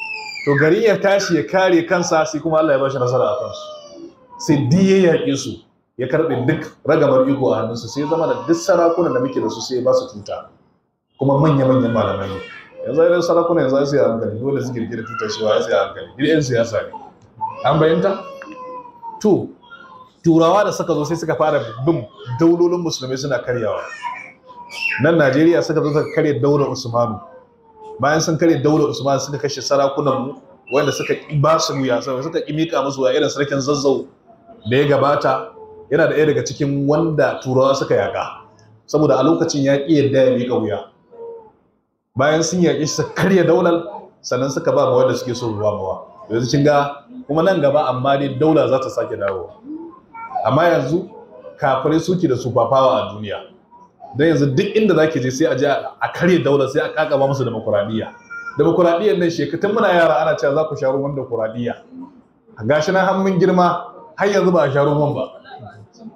to gari ya tashi ya kare kansa sai kuma Allah ya bashi nasara a kansu sai di ya yaƙi su ya karɓe duk ragamar iko a hannunsu sai zama da duk sarakuna da muke da su sai ba su tuta kuma manya-manyan malamai ne yanzu idan sarakuna yanzu sai a hankali dole su girgira tutar shi ba sai a hankali duk yan siyasa ne an bayyanta to turawa da suka zo sai suka fara bin daulolin musulmai suna karyawa nan najeriya suka zo suka karya daular usmanu bayan sun kare daular usman suka kashe sarakunan mu wanda suka ba su wuya suka ki mika musu wa irin sarkin zazzau da ya gabata yana da ɗaya daga cikin wanda turawa suka yaka saboda a lokacin ya ƙi yadda ya mika wuya bayan sun yaki su karya daular sannan suka ba ma wanda suke so ruwa mawa yanzu kin ga kuma nan gaba amma dai daula za ta sake dawo. amma yanzu kafirai suke da superpower a duniya don yanzu duk inda za je sai a je a karye daular sai a kakaba musu demokuraɗiyya demokuraɗiyyar nan shekatun muna yara ana cewa za ku sha ruwan demokuraɗiyya gashi na hannun girma har yanzu ba a sha ruwan ba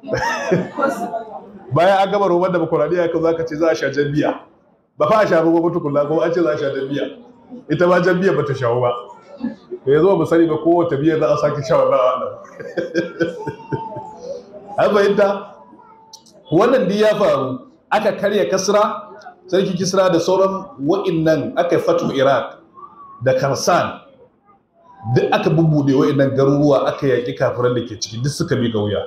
<laughs> bayan an gama ruwan demokuraɗiyya ka za ka ce za a sha jambiya ba fa a sha ruwan ba tukunna ko an ce za a sha jambiya ita ma jambiya ba ta shawo ba da ya zo ba sani ba wata biyar za a sake sha wannan wannan <laughs> an fahimta wannan duk ya faru aka karya kasra sarki kisra da sauran wa'innan aka yi fatu iraq da Karsan duk aka bubbude wa'innan garuruwa aka yaƙi kafiran da ke ciki duk suka bi wuya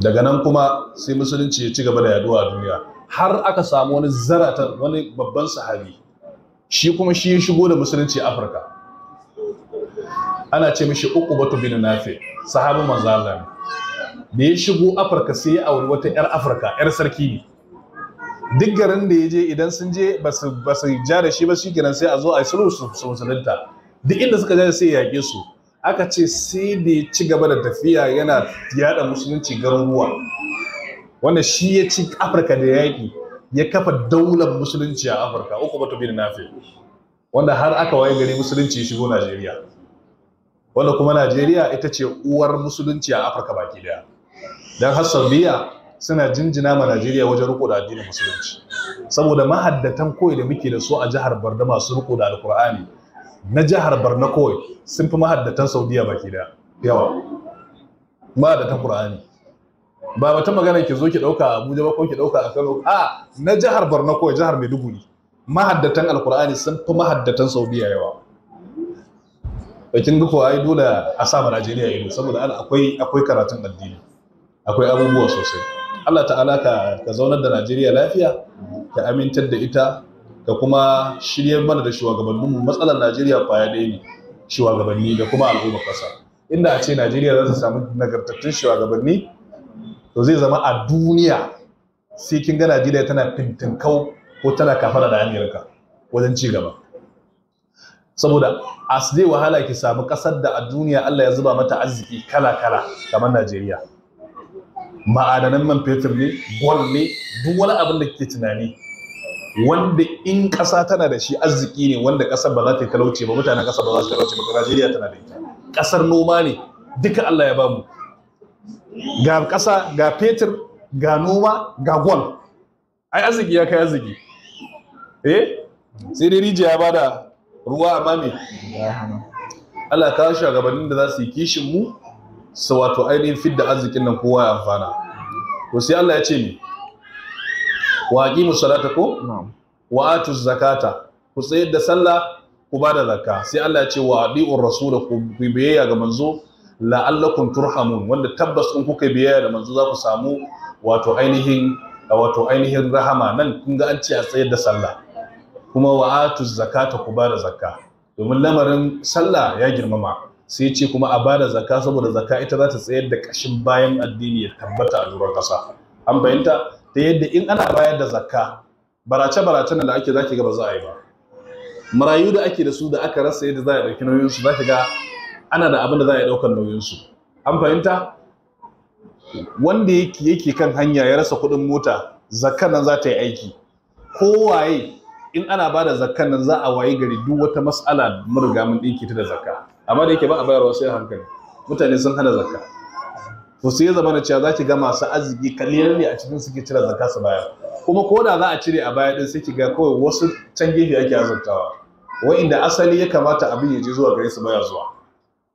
daga nan kuma sai musulunci ya ci gaba da yaduwa a duniya har aka samu wani zaratan wani babban sahabi shi kuma shi ya shigo da musulunci a afirka ana ce mishi uku batu bin nafi sahabin manzo Allah da ya shigo afirka sai ya auri wata 'yar afirka 'yar sarki ne duk garin da ya je idan sun je ba su ja da shi ba shi kenan sai a zo a yi sulhu su musulunta duk inda suka ja sai ya yaƙe su aka ce sai da ya ci gaba da tafiya yana yada musulunci garin ruwa. wanda shi ya ci afirka da yaƙi ya kafa daular musulunci a afirka uku batu da nafi wanda har aka waye gari musulunci ya shigo najeriya wanda kuma najeriya ita ce uwar musulunci a afirka baki daya don Biya suna jinjina ma najeriya wajen riko da addinin musulunci saboda mahaddatan koyi da muke da su a jihar barna masu riko da alkur'ani na jihar barna koyi sun fi mahaddatan saudiya baki da yawa mahaddatan qur'ani ba wata magana ke zo ki dauka a abuja ba ko ki dauka a kano a na jihar Barna kawai jihar maiduguri mahaddatan alkur'ani sun fi mahaddatan saudiya yawa bakin ga ai dole a sa ma najeriya ido saboda akwai akwai karatun addini akwai abubuwa sosai Allah ta'ala ka ka zaunar da Najeriya lafiya ka amintar da ita ka kuma shiryar mana da shugabanninmu matsalar Najeriya kwaya ɗaya ne shugabanni da kuma al'umma ƙasa inda a ce Najeriya za ta samu nagartattun shugabanni to zai zama a duniya sai kin ga Najeriya tana fintinkau ko tana kafara da Amerika wajen ci gaba saboda a zai wahala ki samu kasar da a duniya Allah ya zuba mata arziki kala-kala kamar Najeriya ma'adanan man fetur ne gwal ne duk wani abin da ke tunani wanda in ƙasa tana da shi arziki ne wanda ƙasar ba za ta yi talauci ba mutanen ƙasar ba za su talauce ba Najeriya tana da ita ƙasar noma ne duka Allah ya bamu ga ƙasa ga fetur ga noma ga gwal ai arziki ya kai arziki eh sai dai rijiya ya bada ruwa amma me Allah ka gabanin da za su yi kishin mu su wato ainihin da arzikin nan kowa ya amfana to sai Allah ya ce ni wa aqimu salata ko wa atu zakata ku tsayar da sallah ku ba da zakka sai Allah ya ce wa adiu rasul ku biyayya ga manzo la'allakum turhamun wanda tabbas in kuka biyayya da manzo za ku samu wato ainihin wato ainihin rahama nan kun ga an ce a tsayar da sallah kuma wa atu zakata ku ba da zakka domin lamarin sallah ya girmama sai ce kuma a bada zakka saboda zakka ita za ta tsayar da kashin bayan addini ya tabbata a duran kasa an fahimta ta yadda in ana bayar da zakka barace barace da ake zaki ga ba za a yi ba marayu da ake da su da aka rasa yadda za a ɗauki nauyin su zaki ga ana da abin za a ɗaukar nauyin su an fahimta wanda yake kan hanya ya rasa kuɗin mota zakkan nan za ta yi aiki kowaye in ana ba da zakkan nan za a wayi gari duk wata mas'ala mun riga mun ɗinki ta da zakka amma da yake ba a wasu sai hankali mutane sun hana zakka to sai ya zama cewa za ki ga masu arziki kalilan ne a cikin suke cire zakka su bayar kuma ko da za a cire a baya din sai ki ga kawai wasu can gefe ake azurtawa wa'inda asali ya kamata abin ya je zuwa gare su baya zuwa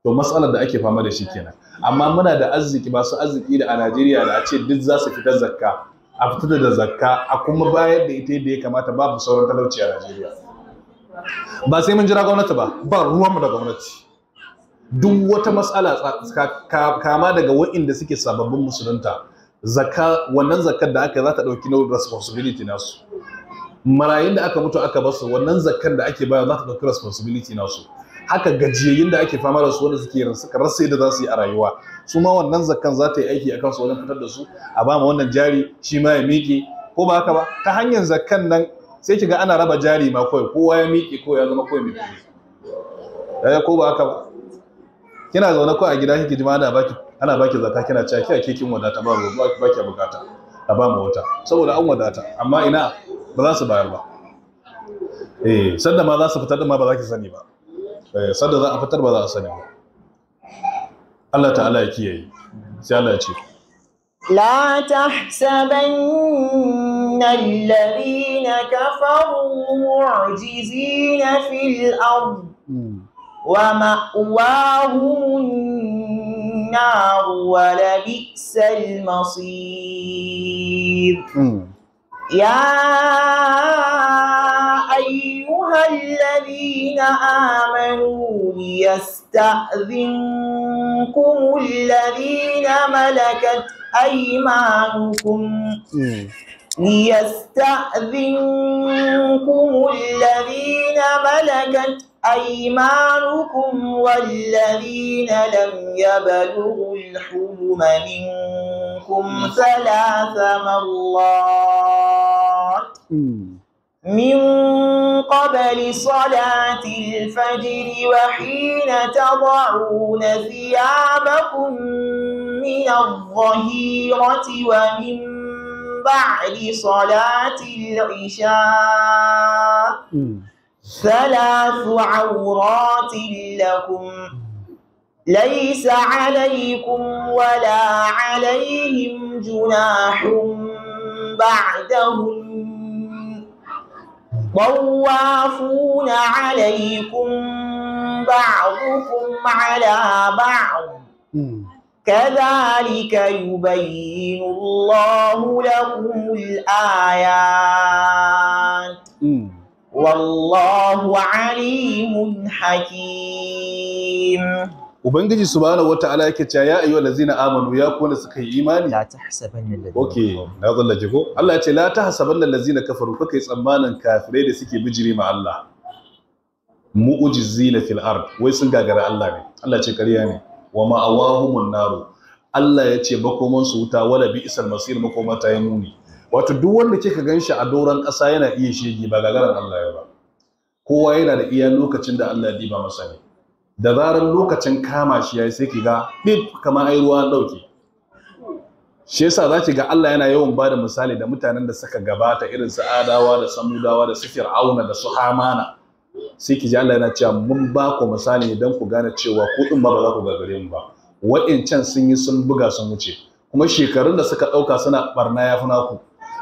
to matsalar da ake fama da shi kenan amma muna da arziki masu arziki da a Najeriya da a ce duk za su fitar zakka a fitar da zakka a kuma bayar da ita yadda ya kamata babu sauran talauci a Najeriya ba sai mun jira gwamnati ba ba ruwanmu da gwamnati duk wata matsala kama daga wa'inda suke sababbin musulunta zaka wannan zakar da aka za ta ɗauki na responsibility nasu marayun da aka mutu aka basu wannan zakar da ake bayar za ta ɗauki responsibility nasu haka gajiyayyun da ake fama da su wanda suke suka rasa yadda za su yi a rayuwa su ma wannan zakar za ta yi aiki akan su wajen fitar da su a ba ma wannan jari shi ma ya miƙe ko ba haka ba ta hanyar zakar nan sai kiga ana raba jari ma kawai kowa ya miƙe ko ya zama kawai mai kuɗi ko ba haka ba kina zaune ko a gida kike jima ana baki ana baki zakka kina cewa kiya ke kin wadata ba ruwa baki bukata a ba mu wata saboda an wadata amma ina ba za su bayar ba eh sanda ma za su fitar da ma ba za ki sani ba eh sanda za a fitar ba za a sani ba Allah ta'ala ya kiyaye sai Allah ya ce لا تحسبن الذين كفروا معجزين في الأرض ومأواهم النار ولبئس المصير يا أيها الذين آمنوا ليستأذنكم الذين ملكت أيمانكم ليستأذنكم الذين ملكت أيمانكم والذين لم يبلغوا الحلم منكم ثلاث مرات من قبل صلاة الفجر وحين تضعون ثيابكم من الظهيرة ومن بعد صلاة العشاء ثلاث عورات لكم ليس عليكم ولا عليهم جناح بعدهم طوافون عليكم بعضكم على بعض كذلك يبين الله لكم الآيات wallahu alimun hakim ubangiji subhanahu wataala yake cewa ya ayyuhal ladzina amanu ya kuwa suka yi imani la tahsabanna allazina okay na zalla jiko Allah ya ce la tahsabanna alladhina kafaru kaka yi tsammanin kafirai da suke bijiri ma Allah mu'jizina fil ard wai sun gagara Allah ne Allah ce kariya ne wa ma'awahumun naru Allah ya ce makoman su wuta wala bi isal masir makomata yi nuni wato duk wanda kika gan shi a doron ƙasa yana iya shege ba gagarar Allah ya ba kowa yana da iya lokacin da Allah ya diba masa ne da zarar lokacin kama shi yayi sai ki ga bip kamar ai ruwa dauke shi yasa za ki ga Allah yana yawan ba da misali da mutanen da suka gabata irin su adawa da samudawa da su fir'auna da su hamana sai ki ji Allah yana cewa mun ba ku misali don ku gane cewa ku din ba za ku gagare mu ba wa'incan sun yi sun buga sun wuce kuma shekarun da suka ɗauka suna barna ya fi naku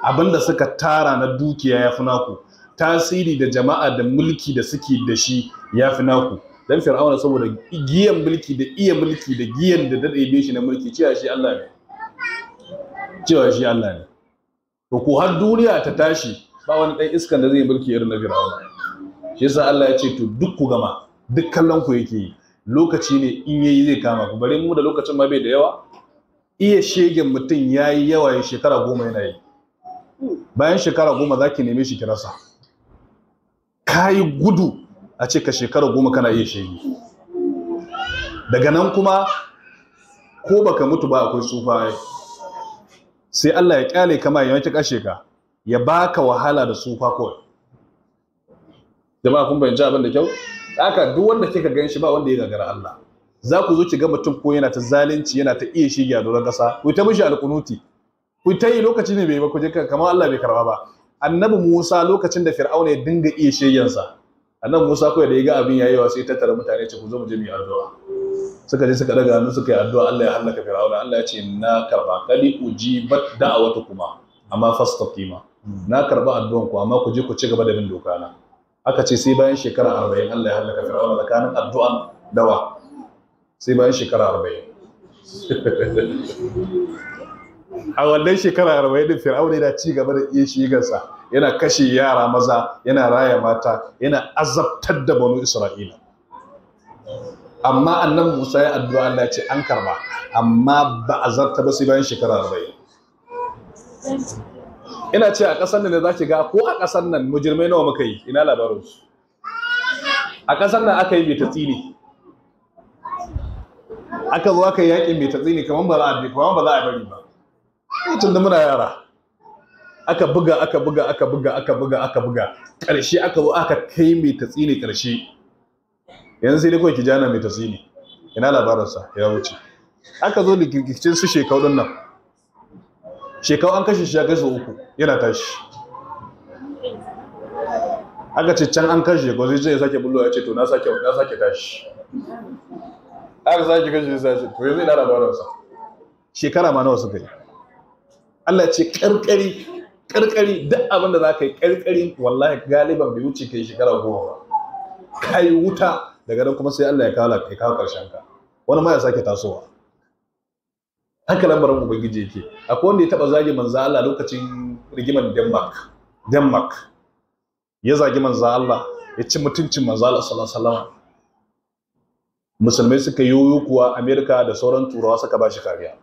abinda suka tara na dukiya ya fi naku tasiri da jama'a da mulki da suke da shi ya fi naku dan fir'auna saboda giyan mulki da iya mulki da giyan da daɗe shi na mulki cewa shi Allah ne cewa shi Allah ne to ko har duniya ta tashi ba wani dan iskan da zai mulki irin na fir'auna shi yasa Allah ya ce to duk ku gama duk kallon ku yake yi lokaci ne in yayi zai kama ku bare mu da lokacin ma bai da yawa iya shegen mutum yayi yawa ya shekara goma yana yi bayan shekara goma za ki neme shi ki rasa ka yi gudu a ce ka shekara goma kana iya shege daga nan kuma ko baka mutu ba akwai tsufa sai Allah ya kyale kama ya wanke kashe ka ya baka wahala da tsufa kawai jama'a kun bayyana abin da kyau haka duk wanda kika gan shi ba wanda ya gagara Allah za ku zo ki ga mutum ko yana ta zalunci yana ta iya shige a doron kasa ku ta mishi alƙunuti ku ta yi lokaci ne bai ba ku je kamar Allah bai karba ba annabi Musa lokacin da Fir'auna ya dinga iya shayyansa annabi Musa kawai da ya ga abin yayi wa sai ya tattara mutane ce ku zo mu je mu yi addu'a suka je suka daga hannu suka yi addu'a Allah ya halaka Fir'auna Allah ya ce na karba kali ujibat da'awatukuma amma fastaqima na karba addu'an ku amma ku je ku ci gaba da bin doka na aka ce sai bayan shekara 40 Allah ya halaka Fir'auna tsakanin addu'an dawa sai bayan shekara 40 <laughs> a wannan shekara arba'in din fir'aun yana ci gaba da iya shigarsa yana kashe yara maza yana raya mata yana azabtar da banu isra'ila amma annan musa ya addu'a Allah ya ce an karba amma ba azabta ba sai bayan shekara arba'in ina ce a ƙasar nan da za ki ga ko a ƙasar nan mujirmai nawa muka yi ina labarinsu a ƙasar nan aka yi mai ne aka zo aka yi yaƙin mai bi kamar ba za a bari ba tun da muna yara aka buga aka buga aka buga aka buga aka buga ƙarshe aka zo aka kai mai tatsi ne ƙarshe yanzu sai dai kawai kijana mai tatsi ne ina sa ya wuce aka zo da kirkicin su shekau ɗin nan shekau an kashe shi ya kashe uku yana tashi aka ce can an kashe ko zai ya sake bullo ya ce to na sake na sake tashi aka sake kashe sai to yanzu ina sa shekara ma nawa suka yi Allah ce karkari karkari duk abin da za ka yi karkari wallahi galiban bai wuce kai shekara goma ba Kai wuta. wuta daga nan kuma sai Allah ya kawo kai kawo karshen ka wani ma ya sake tasowa haka lamarin ubangiji yake akwai wanda ya taba zagi manzo Allah lokacin rigiman Denmark Denmark ya zagi manzo Allah ya ci mutuncin manzo Allah sallallahu alaihi wasallam musulmai suka yoyo kuwa Amerika da sauran turawa suka ba shi kariya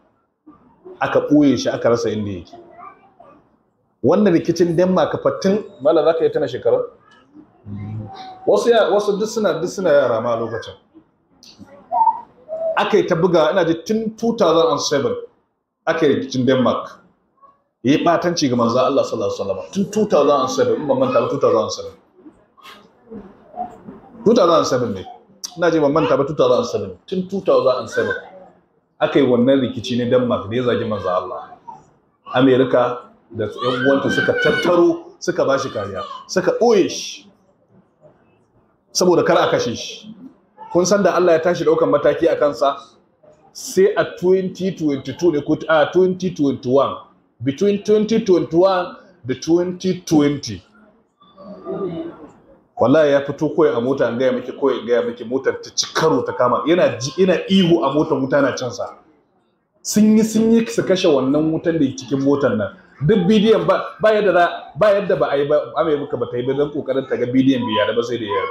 aka ɓoye shi aka rasa inda yake wannan rikicin denmark fattin mala za ka yi tana shekaru? wasu wasu duk suna duk suna yara ma lokacin aka yi ta buga ina ji tun 2007 aka yi rikicin denmark ya yi ɓatanci ga manzan Allah sallallahu alaihi wasallam tun 2007 in ban manta ba 2007 2007 ne ina ji ban manta ba 2007 tun 2007 aka yi wannan rikici ne denmark da zagi manzo allah amerika da yan uwanta suka tattaro suka ba shi kariya suka ɓoye shi saboda kar a kashe shi kun san da allah ya tashi ɗaukan mataki a kansa sai a 2022 ne ko a 2021 between 2021 da 2020 wallahi ya fito koyi a mota an gaya miki koyi gaya miki motar ta ci karo ta kama yana ina ihu a motar wuta na cin sa sun yi sun yi su kashe wannan wutan da cikin motar nan duk bidiyon ba ba yadda ba yadda ba a yi ba amai muka ba ta yi ba dan kokarin ta ga bidiyon biyar, da ba sai da ya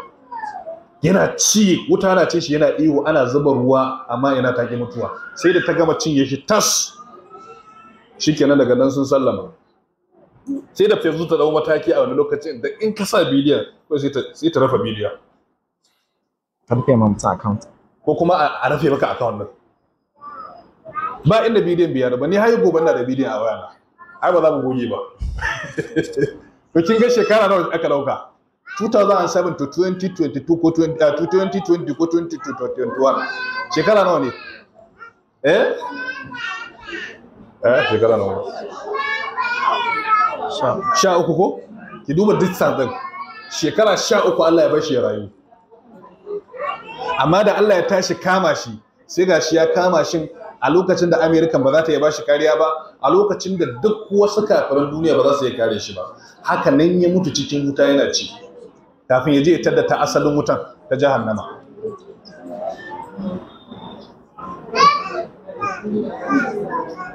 yana ci wuta na ce shi yana ihu ana zuba ruwa amma yana take mutuwa sai da ta gama cinye shi tas shikenan daga nan sun sallama sai da facebook ta dau mataki a wani lokacin da in ka sa bidiyon ko sai ta rafa ka rufe ma mutum account ko kuma a rufe maka account din ba inda bidiyon biyar ba ni har gobe na da bidiyon a wayana ai ba za mu goge ba <laughs> to kin ga shekara nawa aka dauka 2007 to 2022 ko 2020 eh, ko 2021 shekara nawa ne eh eh shekara nawa sha uku ko ki duba distance din shekara sha uku Allah ya bar shi ya rayu amma da Allah ya tashi kama shi sai ga shi ya kama shi a lokacin da Amerika ba za ta yi ba shi kariya ba a lokacin da duk wasu kafiran duniya ba za su yi kare shi ba haka nan ya mutu cikin wuta yana ci kafin ya je ya da ta asalin wutan ta jahannama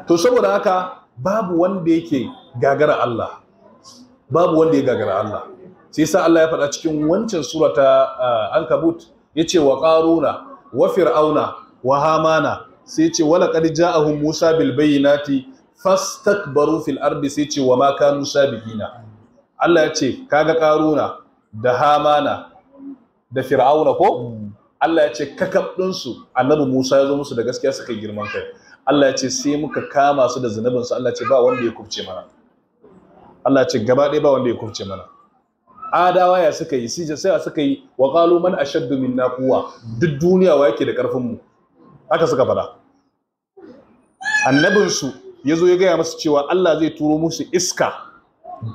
to saboda haka babu wanda yake gagara Allah babu wanda ya gagara Allah sai sa Allah ya faɗa cikin wancan sura ta Ankabut ah, yace wa qaruna wa fir'auna wa hamana sai yace wala qad ja'ahum Musa bil bayyinati fastakbaru fil ardi sai yace wa ma kanu sabiqina Allah yace kaga qaruna da hamana da fir'auna ko Allah ya ce kakabdinsu annabi Musa ya zo musu da gaskiya suka yi girman kai Allah ya ce sai muka kama su da zunubinsu Allah ya ce ba wanda ya kubce mana Allah ya ce gaba ɗaya ba wanda ya kubce mana adawa ya suka yi sija sai suka yi wa qalu man ashaddu minna quwwa duk duniya wa yake da karfin mu haka suka fada annabin su yazo ya gaya musu cewa Allah zai turo musu iska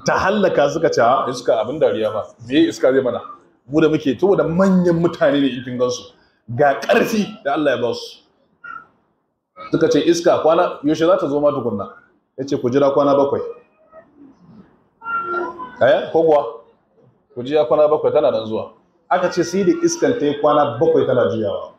ta halaka suka ce iska abin dariya ba me iska zai mana mu da muke to da manyan mutane ne ifin gansu ga karfi da Allah ya ba su suka ce iska kwana yaushe za ta zo ma tukunna yace ku jira kwana bakwai eh ko kujiya kwana bakwai tana nan zuwa aka ce sai da iskan ta yi kwana bakwai tana juyawa